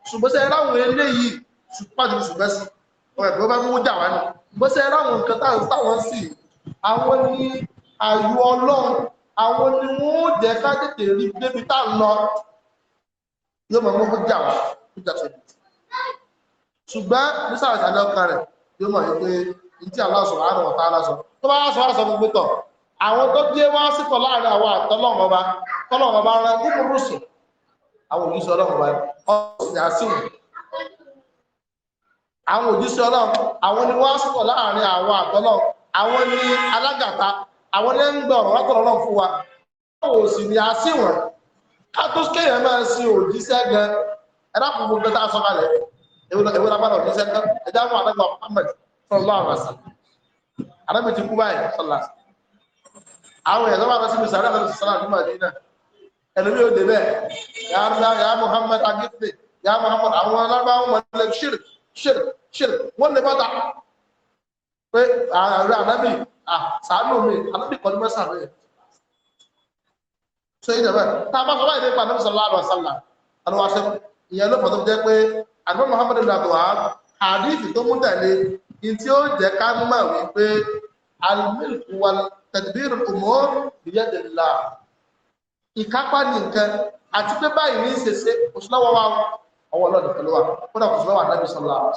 S1: ṣùgbọ́n sẹ́ ráwọn eléyìí pàdé ṣùgbọ́n sí ọ̀rẹ́ tó bá mú jà wá ní ṣùgbọ́n sẹ́ ráwọn nǹkan táwọn sì ní àyù ọlọ́run àwọn ni wọ́n jẹ́ ká tètè rí débi tá ń lọ yóò mọ̀ mọ́ jà wá ní jà tó ṣùgbọ́n ní rẹ̀ yóò mọ̀ wípé ní tí Allah subhanahu wa ta'ala sọ tó bá sọ wá sọ gbogbo tọ̀ àwọn tó dé wá sí tọ̀ láàrin àwọn àtọ́lọ́run ọba tọ́lọ́run ọba rẹ̀ kúkúrú àwọn òjíṣẹ́ ọlọ́run wa ọ̀sẹ̀ àṣùwọ̀n àwọn òjíṣẹ́ ọlọ́run àwọn ni wọ́n sọ̀rọ̀ láàrin àwọn àtọ́lọ́run àwọn ni alágàta àwọn ni ń gbọ́ ọ̀rọ̀ látọ̀rọ̀ ọlọ́run fún wa báwo sì ni àṣìwọ̀n ká tó kéèyàn máa sin òjíṣẹ́ gan ẹ̀dá kò gbogbo tá a sọ kalẹ̀ ewé lábára òjíṣẹ́ gan ẹ̀dá mú àdàgbà Muhammad sallallahu alaihi wasallam àdàgbà ti kú báyìí sallallahu àwọn ẹlòmí ò débẹ̀ ya abdá ya muhammad agife ya muhammad àwọn alábáwọn mọ̀lẹ́ ṣírì ṣírì ṣírì wọ́n lè bọ́ta pé ààrẹ ànábì sàánù mi ànábì kọ́ ní mẹ́sàn rẹ̀ ṣe ìjọba tá a bá sọ́wọ́ ìdí pa ànábì sọ́lá àbọ̀ sálà àdúrà ṣe ìyẹn ló fọ́tọ́ jẹ́ pé àdúrà muhammad ìdàgbà àdífì tó mú tẹ̀lé in tí ó jẹ́ ká mọ̀ wípé al-milk wal tadbir al ìkápá ní nǹkan àti pé báyìí ní ìṣẹ̀ṣe òṣìlọ́wọ́ wa ọwọ́ ọlọ́dún pẹ̀lú wa ó dà òṣìlọ́wọ́ àdábì sọ́lọ́ àwọn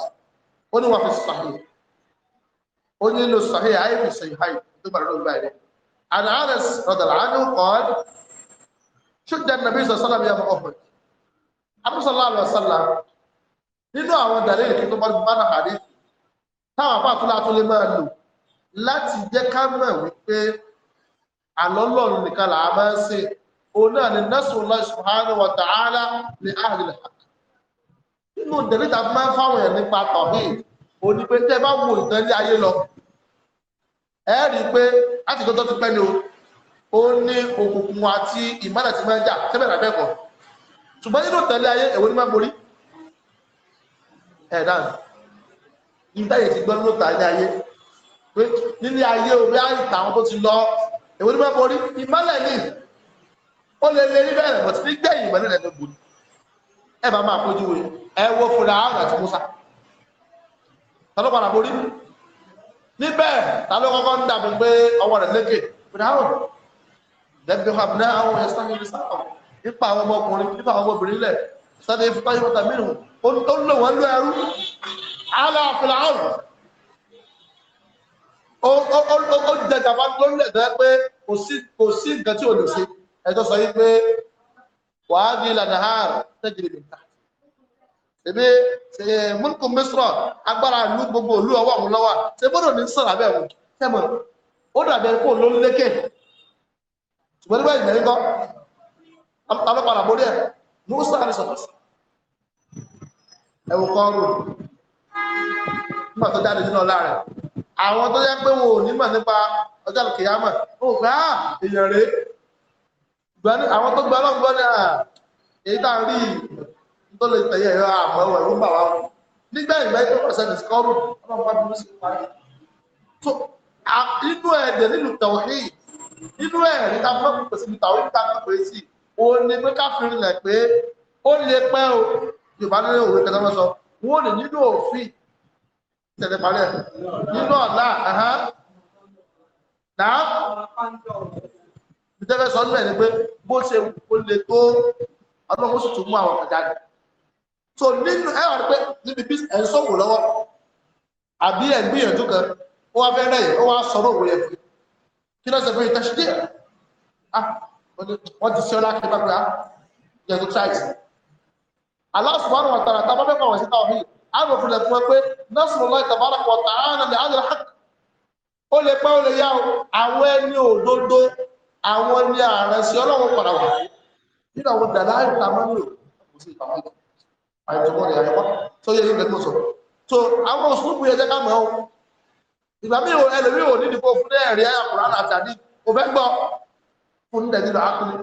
S1: ó ní wọ́n fi sàhì ó ní lo sàhì àìbì sàhì àì tó gbàdúrà ló gbà ẹ̀rẹ́ àná àrẹs rọdàlà á ní kọ́ ṣùgbọ́n nàbí sọ sọ́lá mi yà mọ́ ọ̀pọ̀ àbúsọ̀lá àlọ́ sọ́lá nínú àwọn dàlẹ́lì tó bá bá nà hàrí táwọn àpá àtúlá àtúlé máa lò láti jẹ́ ká mọ̀ wípé àlọ́lọ́run nìkan làá máa ń sìn òun náà ni nasrullahi subhanahu wa ta'ala li ahli al-haqq nínú ìdẹ̀lẹ́ta máa ń fáwọn èèyàn nípa tọ̀hìn òní pé tẹ́ bá wo ìtàn ilé ayé lọ ẹ rí i pé láti tọ́tọ́ ti pẹ́ ni o ó ní òkùnkùn àti ìmọ́lẹ̀ ti máa ń jà tẹ́bẹ̀rẹ̀ abẹ́kọ̀ọ́ ṣùgbọ́n nínú ìtàn ayé èwo ni máa borí ẹ̀ dáhùn ìdáyè ti gbọ́ lóta ilé ayé nílé ayé orí àìtà àwọn tó ti lọ èwo ni máa borí ìmọ́lẹ̀ ni ó lè lè rí bẹ́ẹ̀ bọ̀ sí gbẹ̀yìn ìmọ̀ nílẹ̀ lóko ni ẹ bá máa kojú rẹ̀ ẹ wo fúnra àwọn àti Musa ta ló padà borí níbẹ̀ ta ló kọ́kọ́ ń dàbí pé ọwọ́ rẹ̀ lékè fúnra àwọn lẹ́gbẹ̀ẹ́ wà ní àwọn ẹ̀ sáyẹn sáà nípa àwọn ọmọkùnrin nípa àwọn ọmọbìnrin lẹ̀ sáré fúnra yóò tà mírùn ó lò wọ́n lọ ẹrú àlọ́ fúnra àwọn ó jẹjà bá lórílẹ̀ pé kò sí nǹkan tí ò lè ṣe ẹjọ́ sọ wípé wàá di ìlànà ààrẹ tẹ́jìrì mi ta ṣebí ṣe múlùkù mísírọ̀ agbára ìlú gbogbo ìlú ọwọ́ àwọn lọ́wọ́ ṣe gbọ́dọ̀ ní sọ̀rọ̀ abẹ́ òun tẹ́mọ̀ ó dàbí ẹni kó ló ń lékè ṣùgbọ́n nígbà ìgbà yín kọ́ alọ́pàá àbórí ẹ̀ ní ó sáré sọ̀rọ̀ sí ẹ̀wù kan rò nígbà tó jáde nínú ọ̀la rẹ̀ àwọn tó yẹ pé wọn ò ní mọ̀ nípa ọjọ́ àlùkìyàmọ̀ ó gbà ah, èèyàn rèé gbani àwọn tó gba ọlọ́gbọ́ ní à ah, èyí tá ń rí tó lè tẹ̀yẹ ẹ̀rọ àmọ́ ah, ẹ̀wọ̀ ẹ̀rú bà wá nígbà ìgbà tó pẹ̀sẹ̀ discovery ọlọ́run bá dúró sí parí so inú ẹ̀dẹ̀ nínú tẹ̀wọ̀hí inú ẹ̀rí ká fẹ́ kó pèsè níta orí ká pèsè sí o ní pé ká fi rinlẹ̀ pé ó lè pẹ́ o yorùbá ní òwe kẹta lọ sọ wọn lè nínú òfin tẹ̀lé parẹ́ nínú ọ̀la náà ìtẹ́fẹ́ sọ nílẹ̀ ni pé bó ṣe ó le tó ọlọ́run sì tún mú àwọn ọ̀gá so nínú ẹ wà pé níbi bí ẹ̀ ń sọ̀wò lọ́wọ́ àbí ẹ̀ ń gbìyànjú kan ó wá fẹ́ rẹ̀ ó wá sọ̀rọ̀ òwe yẹn kí ló ṣe fún yìí tẹ́sí díẹ̀ ah, wọ́n ti ṣe ọlá kí bá pé á tíráìtì Allah subhanahu wa ta'ala tábà mẹ́fà wọ̀ sí táwọn yìí àwọn òfin lẹ́fún ẹ pé nasrullahi tabaraka wa ta'ala li hadha al-haqq àwọn ní ààrùn sí ọlọ́run padà wà nínú àwọn dàdá ìta máa nílò kò sí ìpamọ́ ìtọ́ àìtọ́kọ́ rẹ̀ àyẹ̀wọ́ tó yẹ nígbà tó sọ so àwọn òṣùpù yẹ jẹ́ ká mọ̀ ọ́ ìgbà míì ò ẹlòmíì ò nídìí kó fún ẹ̀rí àkùrá àtàdí kò fẹ́ gbọ́ fún dẹ̀ nílò ákùnrin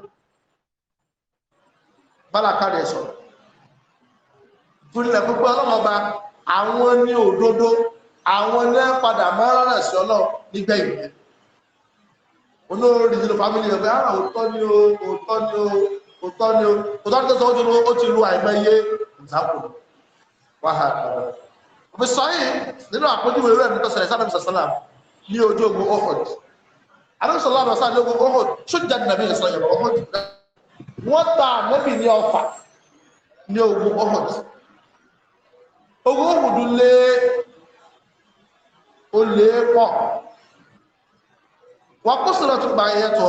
S1: bálà kárí ẹ̀ sọ̀rọ̀ fúnilẹ̀ púpọ̀ ọlọ́mọba àwọn ní òdodo àwọn ní padà máa rọ̀rẹ̀ sí ọlọ́ nígbẹ̀yìn olórí nínú fámílì ẹgbẹ́ ah, òótọ́ ni o òótọ́ ni o òótọ́ ni o òótọ́ ni tẹ́sán ó ti lu àìmọye ìzápò wàhálà òbí sọ yìí nínú àpójúwe rẹ̀ ní tọ́sẹ̀lẹ̀ sáà nàbìsà sálàm ní ojú ogun ohud adébísọ̀lá àbàsá ní ogun ohud ṣújà ogun ohud olè pọ̀ wọ́n kó sọ̀rọ̀ tó gba ẹyẹ tó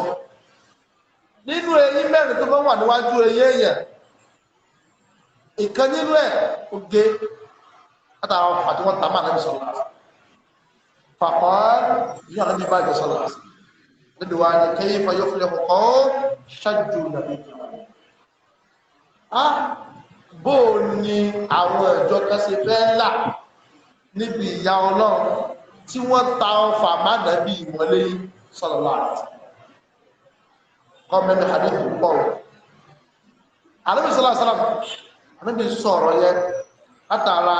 S1: nínú eyín mẹ́rin tó fẹ́ wà níwájú eyín èèyàn ìkan nínú ẹ̀ oge látàwọn ọ̀fà tí wọ́n ta máa lẹ́nu sọ̀rọ̀ pàpọ̀ yóò lẹ́nu bá ìjọ sọ̀rọ̀ níbi wa ni kéyí fa yóò fúnlẹ̀ kọ́kọ́ ṣáájú nàbí a ah, bó ni àwọn ìjọ kan ṣe fẹ́ là níbi ìyá ọlọ́run tí wọ́n ta ọfà má nàbí ìwọlé yìí sallallahu alaihi wasallam kọ́mẹ́ ní hadith pọ̀ ànábì sallallahu alaihi wasallam ànábì sọ̀rọ̀ yẹ látara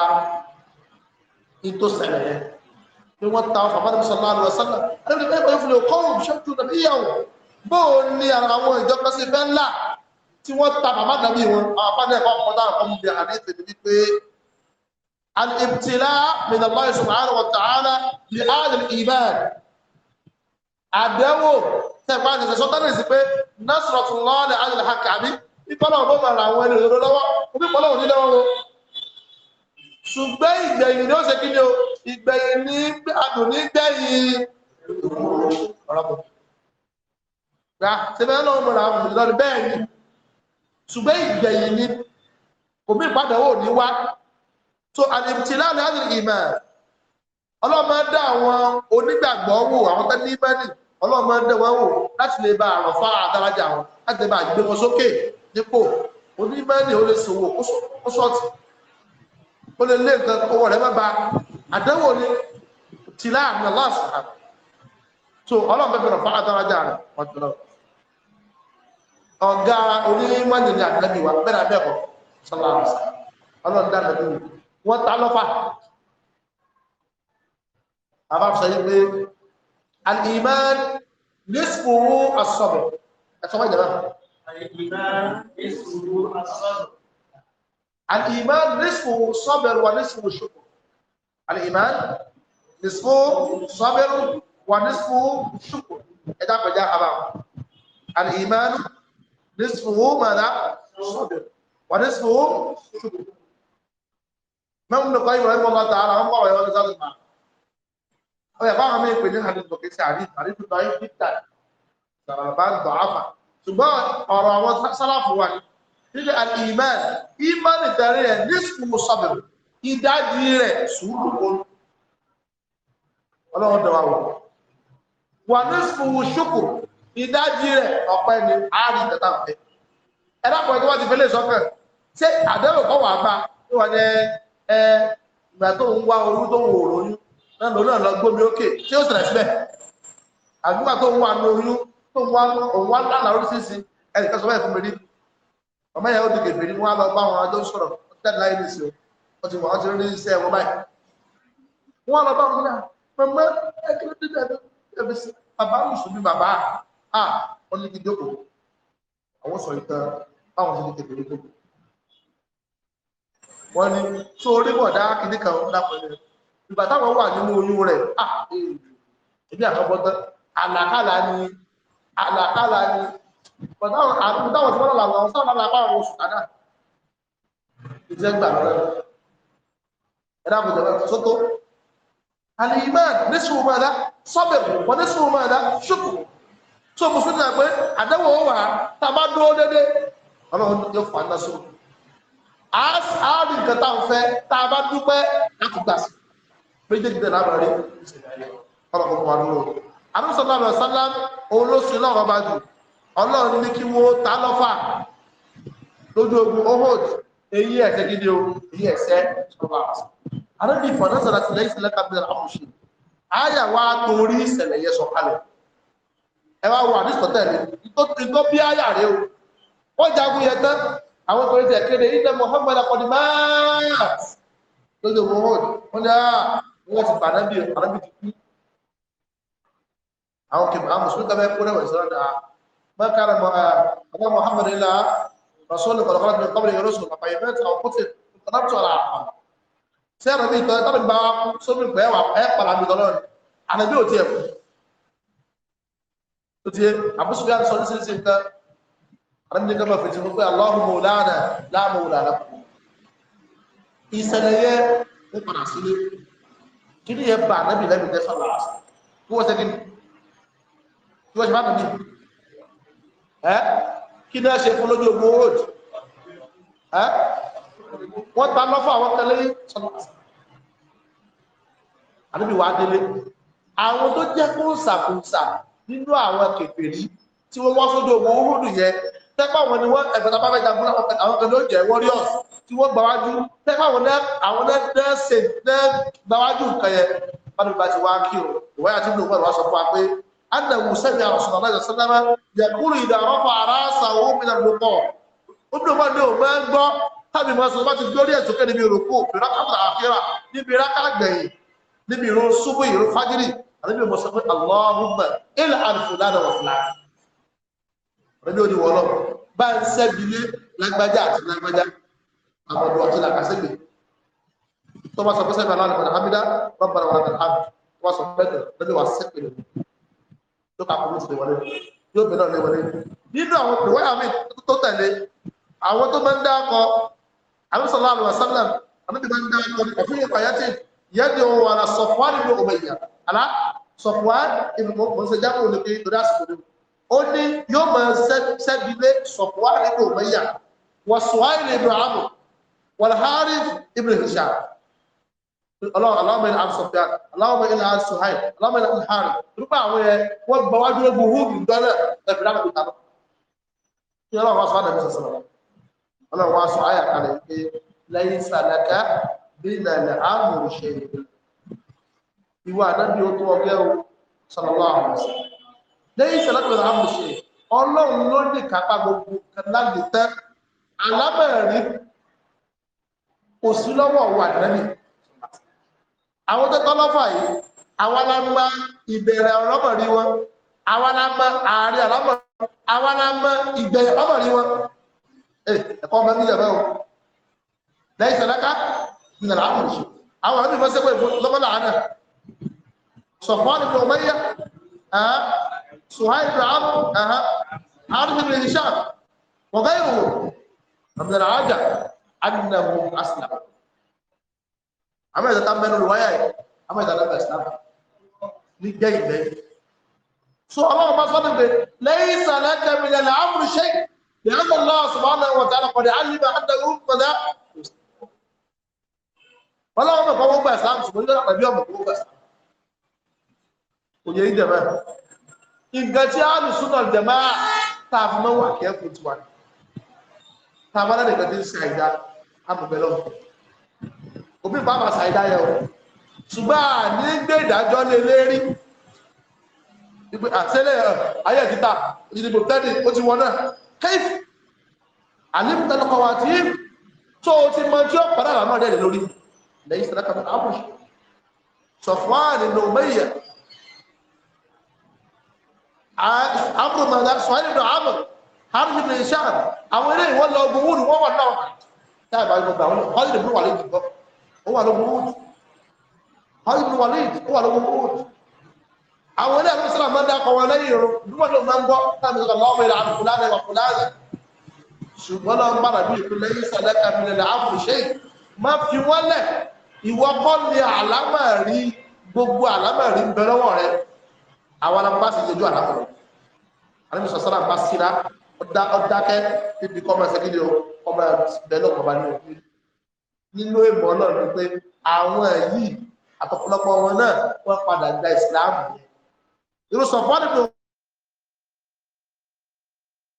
S1: ètò sẹ̀lẹ̀ yẹ pé wọ́n ta ọkọ̀ bá sallallahu alaihi wasallam ànábì bẹ́ẹ̀ bẹ́ẹ̀ fúnlẹ̀ kọ́ òun ṣẹ́kù nàbí ìyàwó bóò ní àwọn ìjọba sí fẹ́ ńlá tí wọ́n ta bàbá nàbí wọn àbá náà kọ́ ọmọdé àwọn ọmọ bíi àdé tèmi ní pé al-ibtila min Allah subhanahu wa ta'ala li ahli al-iman àdẹ́wò tẹ̀pá àti ìṣẹ̀ṣọ́ tẹ́lẹ̀ sí pé nasratullah alìlhaq àbí pípọ́lọ̀ ló mọ̀ràn àwọn ẹni òdodo lọ́wọ́ pípọ́lọ̀ òní lọ́wọ́ o ṣùgbẹ́ ìgbẹ̀yìn ni ó ṣe kí ni o ìgbẹ̀yìn ní adùn ní gbẹ̀yìn ọ̀rọ̀bọ̀ rà ṣe fẹ́ lọ́wọ́ ọlọ́run máa dá àwọn onígbàgbọ́ wò àwọn tó ní mẹ́rin ọlọ́run máa dá wọn wò láti lè bá àrùn fá àdárajà wọn láti lè bá gbé wọn sókè dípò onímẹ́rin ó lè ṣòwò ó sọ́ọ̀tì ó lè lé nǹkan owó rẹ̀ má ba àdánwò ni tìlá àmì aláṣà so ọlọ́run fẹ́ fẹ́ràn fá àdárajà rẹ̀ ọ̀dọ́ ọ̀gá onímọ̀nì ni àtàbí wa bẹ́ẹ̀ bẹ́ẹ̀ kọ́ sọ́lá ọlọ́run dá lọ́dún wọn ta ابا إيه؟ صحيح الايمان نسبه الصبر اسمعوا يا جماعه الايمان نسبه الصبر الايمان نسبه الصبر ونسبه الشكر الايمان نسبه صبر ونسبه شكر اذا إيه بجا ابا الايمان نسبه ماذا صبر ونسبه شكر ما نعم، من قيم الله تعالى هم الله يوزع المعنى ọ̀yà báwọn mẹ́rin pè ní àdìsù kìí sí àdìsù àdìsù tó ayé títà sàràbà ń dọ̀ áfà ṣùgbọ́n ọ̀rọ̀ àwọn sálàfù wà ní nígbà al-iman iman ìtẹ̀rí rẹ̀ nísìkú sọ́bẹ̀rù ìdájí rẹ̀ sùúrù kó ọlọ́run dọ̀wà wọ̀ wà nísìkú ṣùkù ìdájí rẹ̀ ọ̀pẹ́ ni àárín tẹ̀tà fẹ́ ẹ̀dàpọ̀ ẹ̀dọ́ wá ti fẹ́lẹ̀ sọ́kẹ̀ ṣé àdéhùn kọ́ wà bá wọ́n ní ẹ̀ ìgbà tó ń wá náà lòun náà lọ gbómi ókè tí ó ṣẹlẹ̀ síbẹ̀ àgbégbà tó ń wà ní oyún tó ń wà òun wà lánàá oríṣiríṣi ẹnìkan sọ bẹ́ẹ̀ fún mi rí ọmọ yẹn ó di kèfé ní wọn á lọ bá wọn àjọ sọ̀rọ̀ jáde láyé nìṣó wọn ti wọn ti rí iṣẹ́ wọn báyìí wọn lọ bá wọn náà mọmọ ẹkẹrẹ dídá ẹbí sí bàbá mùsùlùmí bàbá a ah, wọn ìgbà táwọn wà nínú oyún rẹ̀ ẹbí àkọ́bọ́tán àlàkálà ni àlàkálà ni àtúntàwọn tí wọ́n lọ́la àwọn sáwọn lápá àwọn oṣù kádà ìjẹgbà rẹ̀ ẹ̀dàkùnjẹ̀ sọ́tọ́ alìmán nísùnwó máa dá sọ́bẹ̀bù wọ́n nísùnwó máa dá ṣùkù tó mùsùlùmí náà pé àdẹ́wò wà tàbá dúró dédé ọlọ́run yóò fà á náà sóòrùn àárín nǹkan táwọn fẹ́ tàbá dúpẹ́ láti méjèèjì bẹ̀rẹ̀ lábàá rí ọlọ́pọ̀ wà lóò àdúsọ̀lá rẹ̀ sálá olóṣù lọ́rọ̀ bá jù ọlọ́run ní kí wọ́n ta lọ́fà lójú ogun ohod èyí ẹ̀sẹ̀ gidi o èyí ẹ̀sẹ̀ ọba àdúbì fọ̀nẹ́sọ̀lá sílẹ̀ ìsìlẹ̀ kàbílẹ̀ àmúṣe àyà wa torí ìṣẹ̀lẹ̀ yẹ sọ kalẹ̀ ẹ wá wà ní sọtẹ́ẹ̀lì ìtọ́ bí àyà rẹ o wọ́n jagun yẹn tán àwọn ọkùnrin tẹ̀ kéde ìdẹ́ Muhammad akọ̀dìmáà lójú ogun ohod wọ́n ní àà ah, wọ́n ti pàdánbì pàdánbì ti kú àwọn kìbà mùsùlùmí tàbí kó rẹwà ìsìlẹ̀ dáa mọ́kára mọ́ Muhammad ilá rasúlù kọ̀lọ̀kọ̀lọ̀ tó kọ́bìnrin yóò sùn pàpà ìfẹ́ tó kó ti kọ́nàtù ọ̀la àpàm sí ẹ̀rọ bíi tọ́lá tọ́lá bá sómi pẹ́ wà ẹ́ pàlà mi tọ́lọ́ ni ànàbí ò tiẹ̀ kú tó tiẹ̀ àbúsùlùmí àti sọ́ni sí sí nǹkan ànàbí nǹkan máa fèsì fún pé aláhùn mọ̀ọ́lá kìíní yẹn bá anábì lẹ́bi tẹ́sán làásù kí wọ́n ṣẹ́gi kí wọ́n ṣe bá nàbí ẹ́ kí náà ṣe fún lójú ogun road ẹ́ wọ́n ta lọ́fọ́ àwọn tẹ́lẹ̀ sọ́nà ànábì wàá délé àwọn tó jẹ́ kó ń nínú àwọn kèfèrí tí wọ́n wá sójú ogun road yẹn tẹ́pà wọn ni wọ́n ẹ̀fẹ̀ tàbá fẹ́ jagun àwọn kan ló jẹ́ warriors tí wọ́n gbáwájú tẹ́pà wọn náà àwọn náà ṣe náà gbáwájú nǹkan yẹn bábí bá ti wá kí o ìwé àti ìlú ìwọ̀n sọ fún wa pé annahu sami àrùsùn náà lẹ́sẹ̀ sálámà yẹkúrú ìdàrọ́ fún ara sàwọ́ òmìnira lópọ̀ ó dùn mọ́ ní òun máa ń gbọ́ tàbí mọ́ sọ bá ti lórí ẹ̀sùn kẹ́ pẹ̀lú òní wọ́n lọ́wọ́ bá ń sẹ́bi lé lágbájá àti lágbájá àwọn ọ̀dọ̀ ọ̀tí làkà sẹ́gbẹ̀ tó bá sọ pé sẹ́gbẹ̀ aláàlú ọ̀dà hamida bá bára wà láti hàmì tó bá sọ pé sẹ́gbẹ̀ lọ́dẹ̀ wà sẹ́gbẹ̀ lọ́dẹ̀ tó kà kúrò sí wọlé yóò bẹ̀rẹ̀ ọ̀lẹ́ wọlé nínú àwọn ìwáyà mi tó tẹ̀lé àwọn tó máa ń dá akọ àmísọ̀lá àlùwà wasallam àmì máa ń dá akọ ọ̀fún yẹn kọ̀ yàtì yẹ́dì òun wà lá Safwan ibn Umayya alá Safwan ibn Umayya jábọ̀ ó ní yóò mọ̀ sẹ́bílé sọ̀kúwá nínú òmìyà wàsùwáìlì ibn amr wàlhárí ibn hisham aláwọ̀mọ̀ ilẹ̀ asọ̀fíàn aláwọ̀mọ̀ ilẹ̀ asuhail aláwọ̀mọ̀ ilẹ̀ alhari nípa àwọn ẹ̀ wọ́n gbọ́ wájú lógún húgù dọ́lẹ̀ ẹ̀fìdá lóbi tàbí kí ọlọ́run wá sọ àdàbí sọ̀sọ̀ lọ ọlọ́run wá sọ àyà kalẹ̀ lẹ́yìn ìṣẹ̀lẹ́pẹ̀ àwọn òṣèré ọlọ́run ló lè kápá gbogbo nǹkan láti tẹ́ alábẹ̀rí kò sí lọ́wọ́ wà lẹ́nì àwọn tó tọ́ lọ́fà yìí àwọn alámọ́ ìbẹ̀rẹ̀ ọlọ́mọ̀rí wọn àwọn alámọ́ ààrẹ ọlọ́mọ̀rí àwọn alámọ́ ìgbẹ̀yẹ̀ ọlọ́mọ̀rí wọn ẹ̀kọ́ ọmọ nílẹ̀ bẹ́ẹ̀ o lẹ́yìn sọ̀dáká nílẹ̀ àmọ̀ṣù àwọn ọmọ ìfọsẹ́gbẹ̀ lọ́mọlá àná sọ̀fọ́n ni mo سهيل بن عمرو أها حارث بن هشام وغيره ابن العاجع أنهم أسلموا أما إذا تم تمنوا الروايه أما إذا لم يسلموا للجيد سو الله ما صدق ليس لك من الأمر شيء لأن الله سبحانه وتعالى قد علم أنه فلا Ọlọ́run mọ̀ kọ́ wọ́n gbà sáàmù ṣùgbọ́n ìjọba àbí ọmọ kọ́ wọ́n gbà sáàmù. Kò yẹ ìjẹ̀bẹ̀. nǹkan tí a lù súnà jẹ̀má tá a fi mọ́ wà kẹ́kù tí wà tá a bá lẹ́nu nǹkan tí ń ṣàìdá amọ̀bẹ̀ lọ òbí bá máa ṣàìdá yẹ o ṣùgbọ́n a ní gbé ìdájọ́ lé lérí àtẹ́lẹ̀ ayé ìdíta ìdìbò tẹ́lẹ̀ ó ti wọ́n náà kéf àlébùtẹ́lọ́kọ̀ wà tí tó o ti mọ tí ó padà wà náà dẹ̀ lórí lẹ́yìn sẹ́lẹ̀kọ̀ àbùsù sọ̀fọ́n amúrò mọ̀lá sọ̀rọ̀ ìdọ̀ amọ̀ harry bin ishaq àwọn eré ìwọ́n lọ ogun wúrù wọ́n wà náà táì bá gbogbo àwọn holiday bin walid gbọ́ ó wà lógun wúrù holiday bin walid ó wà lógun wúrù àwọn eré àwọn sọ́lá máa ń dákọ̀ wọn lẹ́yìn irun dúpọ̀ tó máa ń gbọ́ táàmì sọ́lá lọ́wọ́ ilẹ̀ àfúlàní wà fúlàní ṣùgbọ́n náà ń bára bí ìpínlẹ̀ yìí sàdákà mi lẹ̀ àfúṣe má fi wọ́n lẹ̀ ìwọ́kọ́ ni àlámà rí gbogbo àlámà rí ń bẹ lọ́wọ́ rẹ̀ àwọn alábá sì yẹjú àràkùnrin alẹ́mísọ sára bá síra ọdákẹ́ bíbi kọ́ máa ṣẹ́kílẹ̀ ọmọ bẹ̀lọ́ bàbá ní òkú nínú ìmọ̀ náà ni pé àwọn èyí àtọ̀pọ̀lọpọ̀ wọn náà wọ́n padà gba ìsìláàmù yẹn irú sọ fún àdìgbò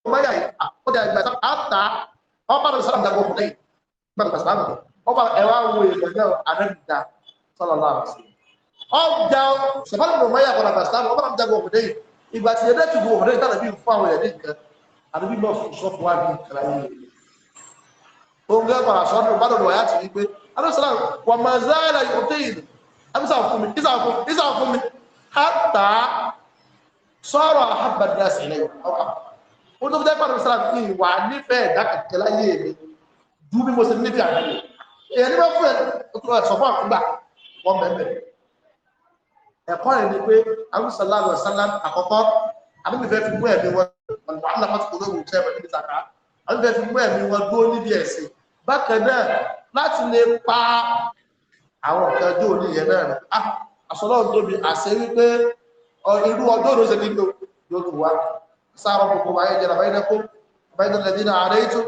S1: ọmọyà yìí àkọ́jà ìgbà àtà ọba rẹ̀ sọ́lá ìdàgbò ọkùnrin gbàgbà sàmù ọba ẹ̀wà wo ìgbà náà àrẹ́gbà sọ́lá láàrín ọjà sẹfàlì bò máyà kọlà bàtà àwọn ọba àmì ọkọ dẹyìn ìgbà tí ẹdẹ tìgbò ọkọ dẹyìn tàbí bí fún àwọn ẹdẹ nǹkan àbí bí náà sọ fún wa bí kàrà yìí òun gẹ́gẹ́ bàrà sọ ọdún bàdàn wáyà ti rí pé alẹ́sàlá wà máa záàlà yóò tẹ́ ìlú àbísà fún mi ìsà fún mi ìsà fún mi hàtà sọ̀rọ̀ ni wọ́n fún ẹ̀ sọ fún àkúgbà wọ́n mẹ́mẹ́rẹ́ ẹ̀kọ́ rẹ̀ ni pé àrùsọ̀lá àrùsọ̀lá àkọ́kọ́ àbíbẹ̀fẹ́ fi mú ẹ̀mí wọn ọ̀nà alápàtí kò lóòrùn tẹ́ ẹ̀mí tàkà àbíbẹ̀fẹ́ fi mú ẹ̀mí wọn dúró níbi ẹ̀sìn bákan náà láti lè pa àwọn nǹkan jó ní ìyẹn náà ah àsọlọ́ tóbi àṣẹ wípé irú ọjọ́ ló ṣe kí ló yóò tù wá sáárọ̀ kòkò wáyé jẹ́ra báyé nẹ́kó báyé nẹ́lẹ̀ dínà ààrẹ ètò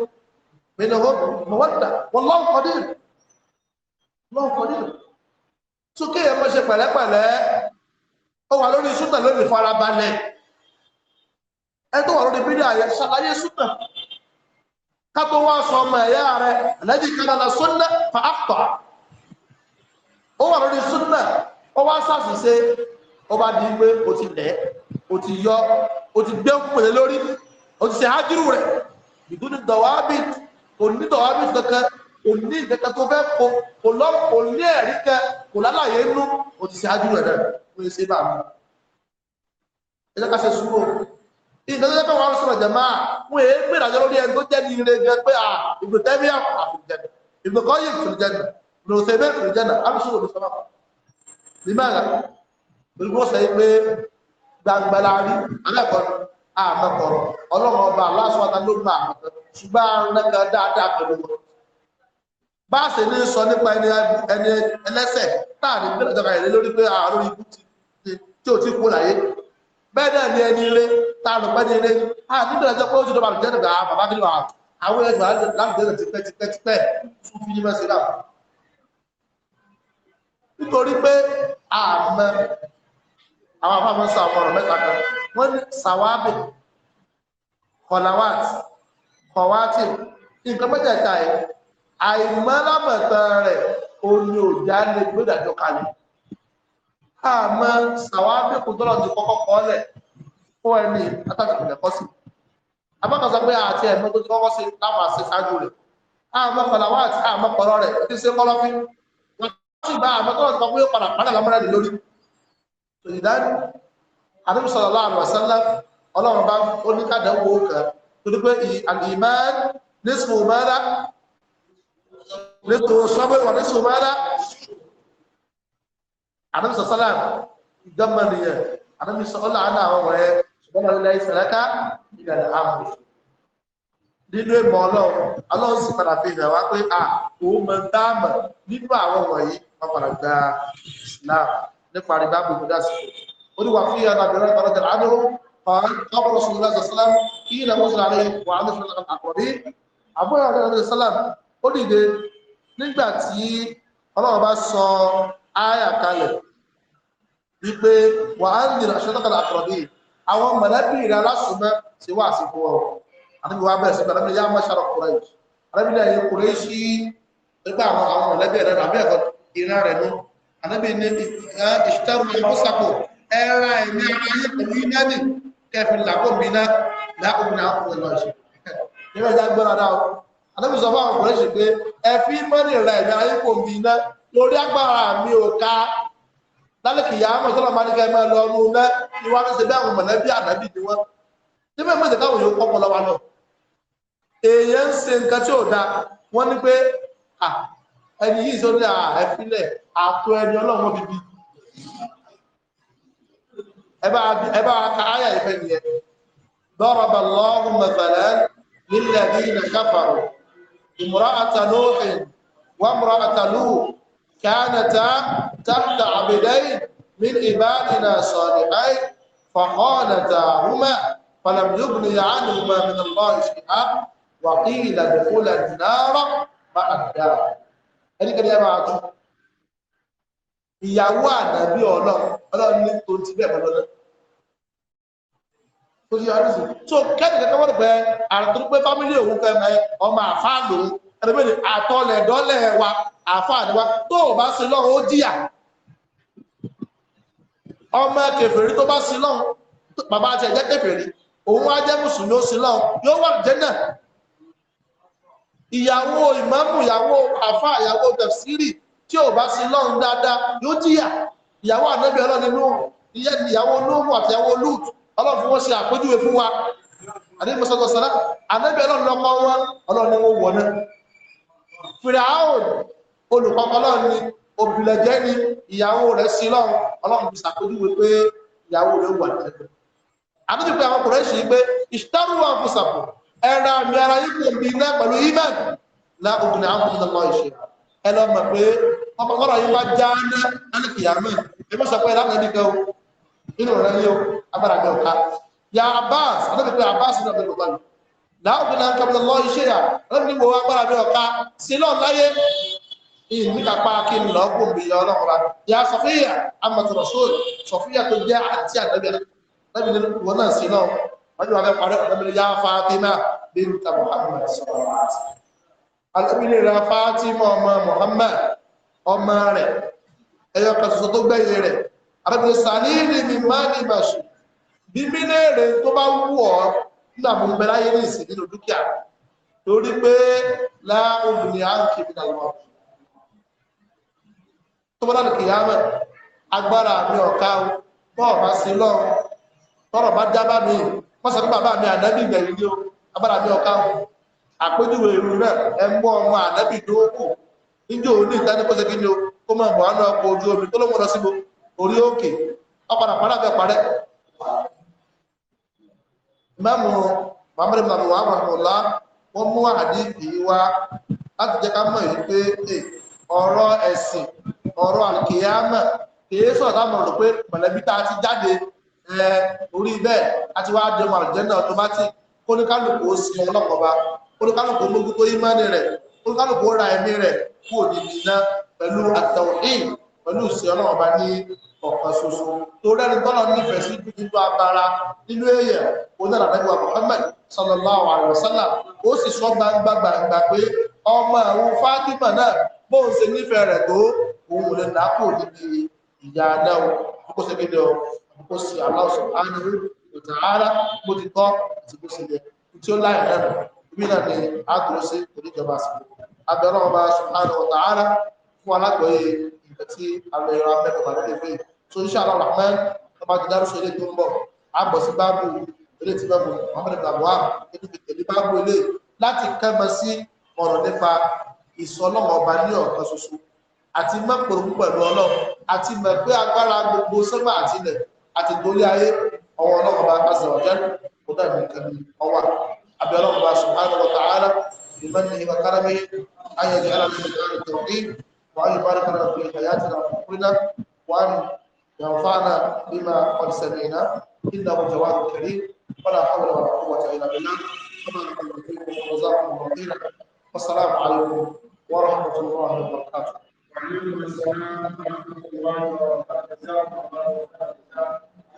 S1: mẹ́lẹ̀ wọ́n mọ̀wọ́dà wọ́n lọ́kọ̀dínlù sókè yẹn mọ́ ṣe pẹ̀lẹ́pẹ̀lẹ́ ó wà lórí súnà lónìí farabalẹ̀ ẹ tó wà lórí bídà yẹn ṣàlàyé súnà ká tó wá sọ ọmọ ẹ̀yà rẹ ẹ̀lẹ́jì kanna la súnà fa àpà ó wà lórí súnà ó wá ṣàṣìṣe ó bá di pé o ti lẹ̀ o ti yọ o ti gbé òkúpèlé lórí o ti ṣe ájírù rẹ̀ ìdúnidọ̀wábì kò ní dọ̀wábì kankan kò ní ìkẹta tó fẹ́ kó kò lọ́rùn kò ní ẹ̀rí kẹ kò lálàyé nú kò ti ṣe ájú rẹ̀ rẹ̀ fún ẹsẹ̀ bá mi ẹ jẹ́ ká ṣe sùúrù ìgbà tó jẹ́ pé wọ́n á sọ̀rọ̀ jẹ̀má fún èé pé ìdájọ́ lórí ẹni tó jẹ́ ní ire jẹ pé à ìgbò tẹ́bí àfòjẹ̀nà báàsì ní sọ nípa ẹni ẹlẹ́sẹ̀ táàrí ìjọba ìrẹ́ lórí pé àárín ikú tí ó ti kú láyé bẹ́ẹ̀ ní ẹni ilé táàrí pẹ́ ní ilé àti ìbẹ̀rẹ̀ jẹ́ pé ó ti dọ́bà lùjẹ́ nígbà bàbá kí lọ àwọn ẹgbẹ̀ láti jẹ́ ti pẹ́ ti pẹ́ ti pẹ́ tún fi yíwẹ́ sí náà nítorí pé àmọ́ àwọn afáfẹ́ sọ àwọn ọ̀rọ̀ mẹ́ta kan wọ́n ní sàwábì kọ̀làwàtì kọ̀wàtì nǹkan mẹ́tẹ̀ẹ̀ta yìí àìmọ́lámọ̀tán rẹ̀ omi òjá lè gbódàjọ́ kalẹ̀ àmọ́ sàwábẹ́kù tọ́lọ̀ ti kọ́kọ́ kọ́lẹ̀ fún ẹni látàkùn lẹ́kọ́ sí abákọ̀sọ pé àti ẹ̀mọ́ tó ti kọ́kọ́ sí láwọn àṣẹ ṣáájú rẹ̀ àmọ́ kọ̀làwọ́ àti àmọ́ kọ̀rọ̀ rẹ̀ tí ṣe kọ́lọ́ fi wọ́n sì bá àmọ́ tọ́lọ̀ ti kọ́ pé ó padà padà lọ́mọ́rẹ́ lè lórí tòyìdánù àdúgbò sọ̀rọ̀ láàrùn àṣálá ọlọ́run bá oníkàdánwò nítorí sọ́bẹ̀rẹ̀ wà ní sùmọ́lá àdàmì sọ̀sọ́lá ìjọba nìyẹn àdàmì sọ̀ọ́lá àná àwọn wọ̀nyẹ ṣùgbọ́n àwọn ilẹ̀ ìsẹ̀lẹ́ká ìgbàlẹ̀ àmì nínú ìmọ̀ ọlọ́run ọlọ́run sì padà fi ìgbà wá pé à òun mọ̀ dáàmà nínú àwọn wọ̀nyí wọ́n padà gba Islam nípa rí bábù ìgbà sí ó ní wà fún ìyá Rasulullah sọ̀sọ́lá kí ilẹ̀ mọ́sùlá rẹ̀ wà á ní fún àkọ́bí àbúrò àdàbí nígbà tí ọlọ́run bá sọ áyà kalẹ̀ wípé wà á ń dìrà ṣọ́tọ́kọ̀lá àkọ̀rọ̀bí àwọn mọ̀lẹ́bí rẹ̀ alásùnmọ́ sí wà sí fún ọ àdúgbò wa bẹ̀rẹ̀ sí pẹ̀lú yá mọ́ṣàrọ̀ kùrẹ́ yìí arábìnrin ẹ̀yẹ kùrẹ́ sí nígbà àwọn àwọn mọ̀lẹ́bí rẹ̀ àbí ẹ̀kọ́ ìran rẹ̀ nú àdúgbò ní ìṣẹ́rù ìmúsàpọ̀ ẹ̀rà ẹ̀mí ara yìí pẹ̀lú yúnẹ́nì kẹfìn làkó mi náà lákòókò náà kò lọ àdébí sọ fún àwọn ọkùnrin ṣe pé ẹ fi mọ́nì rẹ̀ ìgbà ayé kò mí iná lórí agbára mi ò ká lálẹ́kìyà àmọ́ sọ́lá máa ní ká ẹ máa lọ ọdún iná ni wọ́n á ṣe bí àwọn mọ̀lẹ́bí àdábì ni wọ́n tí bẹ́ẹ̀ mọ̀tẹ́ káwọn yóò kọ́ pọ̀lọ́wà náà èèyàn ń ṣe nǹkan tí ò da wọ́n ní pé ẹni yìí sọ ní àẹ́fílẹ̀ àtọ ẹni ọlọ́run bíbí ẹ bá ka áyà ìfẹ́ nìyẹn ضرب الله مثلا للذين كفروا امرأة نوح وامرأة لوط كانتا تحت عبدين من عبادنا صالحين فخانتاهما فلم يغني عنهما من الله شيئا وقيل ادخلا النار مع الدار ẹni kẹ́lẹ́ máa tún ìyàwó ànábí ọlọ́run ọlọ́run ní tó ti bẹ́ẹ̀ lọ́dọ̀ ó ti yọrí sí so kẹ́ni kẹ́kẹ́ wọ́n pẹ́ àtúrúpẹ́ fámílì òun kẹ́mẹ́ ọmọ àfáà lòun ẹ̀rẹ́bẹ̀rẹ̀ àtọ́lẹ̀dọ́lẹ̀ wa àfáà ni wa tó o bá sin lọ́run ó jìyà ọmọ kèfèrí tó bá sin lọ́run bàbá àti ẹ̀jẹ̀ kèfèrí òun á jẹ́ mùsùlùmí ó sin lọ́run yóò wà jẹ́nà ìyàwó ìmáàmù ìyàwó àfáà ìyàwó tẹ̀sírì tí o bá sin lọ́run dáadáa yóò jìyà ìyàwó ànábì ọlọ́ni ìyàwó nóòmù àti ìyàwó lúùtù ọlọ́run fi wọ́n ṣe àpéjúwe fún wa àdébùsọ̀tọ̀ sọ́lá ànábì ọlọ́run lọ́kọ́ wọn ọlọ́run ni wọ́n wọ̀ náà fìràáhùn olùkọ́kọ́ ọlọ́run ni obìlẹ̀jẹ́ ni ìyàwó rẹ̀ sí lọ́run ọlọ́run fi ṣàpéjúwe pé ìyàwó rẹ̀ wà nílẹ̀ àbújù pé àwọn ọkùnrin ṣì pé ìṣtọ́rù wọn fún sàpò ẹ̀rọ àmì ara yìí kò bí iná pẹ̀lú ibẹ̀ la obìnrin àwọn ọmọ ọmọ ìṣe ẹ lọ mọ̀ pé ọmọkọ́rọ̀ já ní alẹ́ kìyàmẹ́ ẹ mọ̀ nínú rẹ̀ yóò agbára ọ̀ká ya abbas alẹ́bìnrin abbas ní ọ̀bẹ̀rẹ̀ ọ̀bá láàbùn náà kẹbìnrin lọ iṣẹ́ yà alẹ́bìnrin mo agbára gbẹ̀ ọ̀ká sí lọ láyé ìní kí n lọ bí ọlọ́run ya sọfíyà amatu rasul sọfíyà tó jẹ́ àti àdẹ́bìnrin wọn náà sí náà wọ́n ti ya fatima bint muhammad sọ̀rọ̀ fatima ọmọ muhammad ọmọ rẹ̀ ẹ̀yọ kan ṣoṣo tó gbẹ̀yìn rẹ̀ àrẹ́bìnrin sàlíìrì mi máa ní ìbàṣù bí mílẹ̀rẹ̀ tó bá wù ọ́ nígbà mo ń bẹ láyé ní ìsìn nínú dúkìá torí pé láàrùnbìnrin àǹkì mi náà wọ́n tó bá dàdùkì yá mẹ́ agbára mi ọ̀ka o bá sí lọ́rùn tọ́rọ̀ bá já mi wọ́n sọ bàbá mi ànábì ìgbẹ̀yìn ni o agbára mi ọ̀ka o àpéjúwe ìlú rẹ̀ ẹ mú ọmọ ànábì dókò níjó òní ìtàníkọ́sẹ́kí ni o kó mọ̀ bọ̀ á náà kó ojú omi tó ló mú lọ síbo orí òkè ọ̀padà padà bẹ̀ parẹ́ mẹ́mù muhammed bin abdul wọ́n mú wá láti jẹ́ ká mọ̀ yìí pé ọ̀rọ̀ ẹ̀sìn ọ̀rọ̀ àlùkìyàmà kìí sọ̀rọ̀ táwọn pé mọ̀lẹ́bí tá a ti jáde orí bẹ́ẹ̀ a ti wá kóníkálùkù ó sin ọlọ́kọ̀ọ́ba kóníkálùkù rẹ̀ kóníkálùkù ó ra ẹ̀mí rẹ̀ pẹ̀lú pẹ̀lú ìṣẹ́ ọlọ́run bá ní ọ̀kan ṣoṣo tó rẹ́ni tọ́lọ̀ nífẹ̀ẹ́ sí gbígbó abara nínú èèyàn onára nígbà Muhammad sallallahu alaihi wasallam ó sì sọ gbangba gbangba pé ọmọ àwọn Fatima náà bóun ṣe nífẹ̀ẹ́ rẹ̀ tó òun lè dákò níbi ìyá náà kó ṣe kéde ọ kó sì Allah subhanahu wa ta'ala bó ti tọ́ àti bó ṣe yẹ tí ó láì rẹ̀ gómìnà ni a dúró sí oníjọba àsìkò abẹ́rẹ́ ọba subhanahu wa ta'ala fún alágbọ̀ọ́yé nǹkan tí àwọn ẹ̀rọ amẹ́kọ̀ọ́ lè fi so insha Allah rahman tó bá ti dárúsọ ilé tó ń bọ̀ a bọ̀ sí báàbù ilé tí báàbù Muhammad babu wa nínú ìtẹ̀lé báàbù ilé láti kẹ́mọ sí ọ̀rọ̀ nípa ìsọlọ́wọ́ ọba ní ọ̀kan ṣoṣo àti mẹ́pẹ̀rún pẹ̀lú ọlọ́run àti mọ̀ pé agbára gbogbo sọ́mà àtilẹ̀ àti torí ayé ọwọ́ ọlọ́run bá kásẹ̀ ọ̀jẹ́ kó dàbí nǹkan ọwà àbí ọlọ́run bá subhanahu wa ta'ala ìmọ̀ ní ìmọ̀ kárámẹ́ ayẹyẹ alábẹ́rẹ́ tọ̀rí وأن يبارك لنا في حياتنا وفي كلنا وأن ينفعنا بما قد سمعنا إنه جواد كريم ولا حول ولا قوة إلا بالله سبحانك اللهم وبحمدك وجزاكم الله خيرا والسلام عليكم ورحمة الله وبركاته. وعليكم السلام ورحمة الله وبركاته.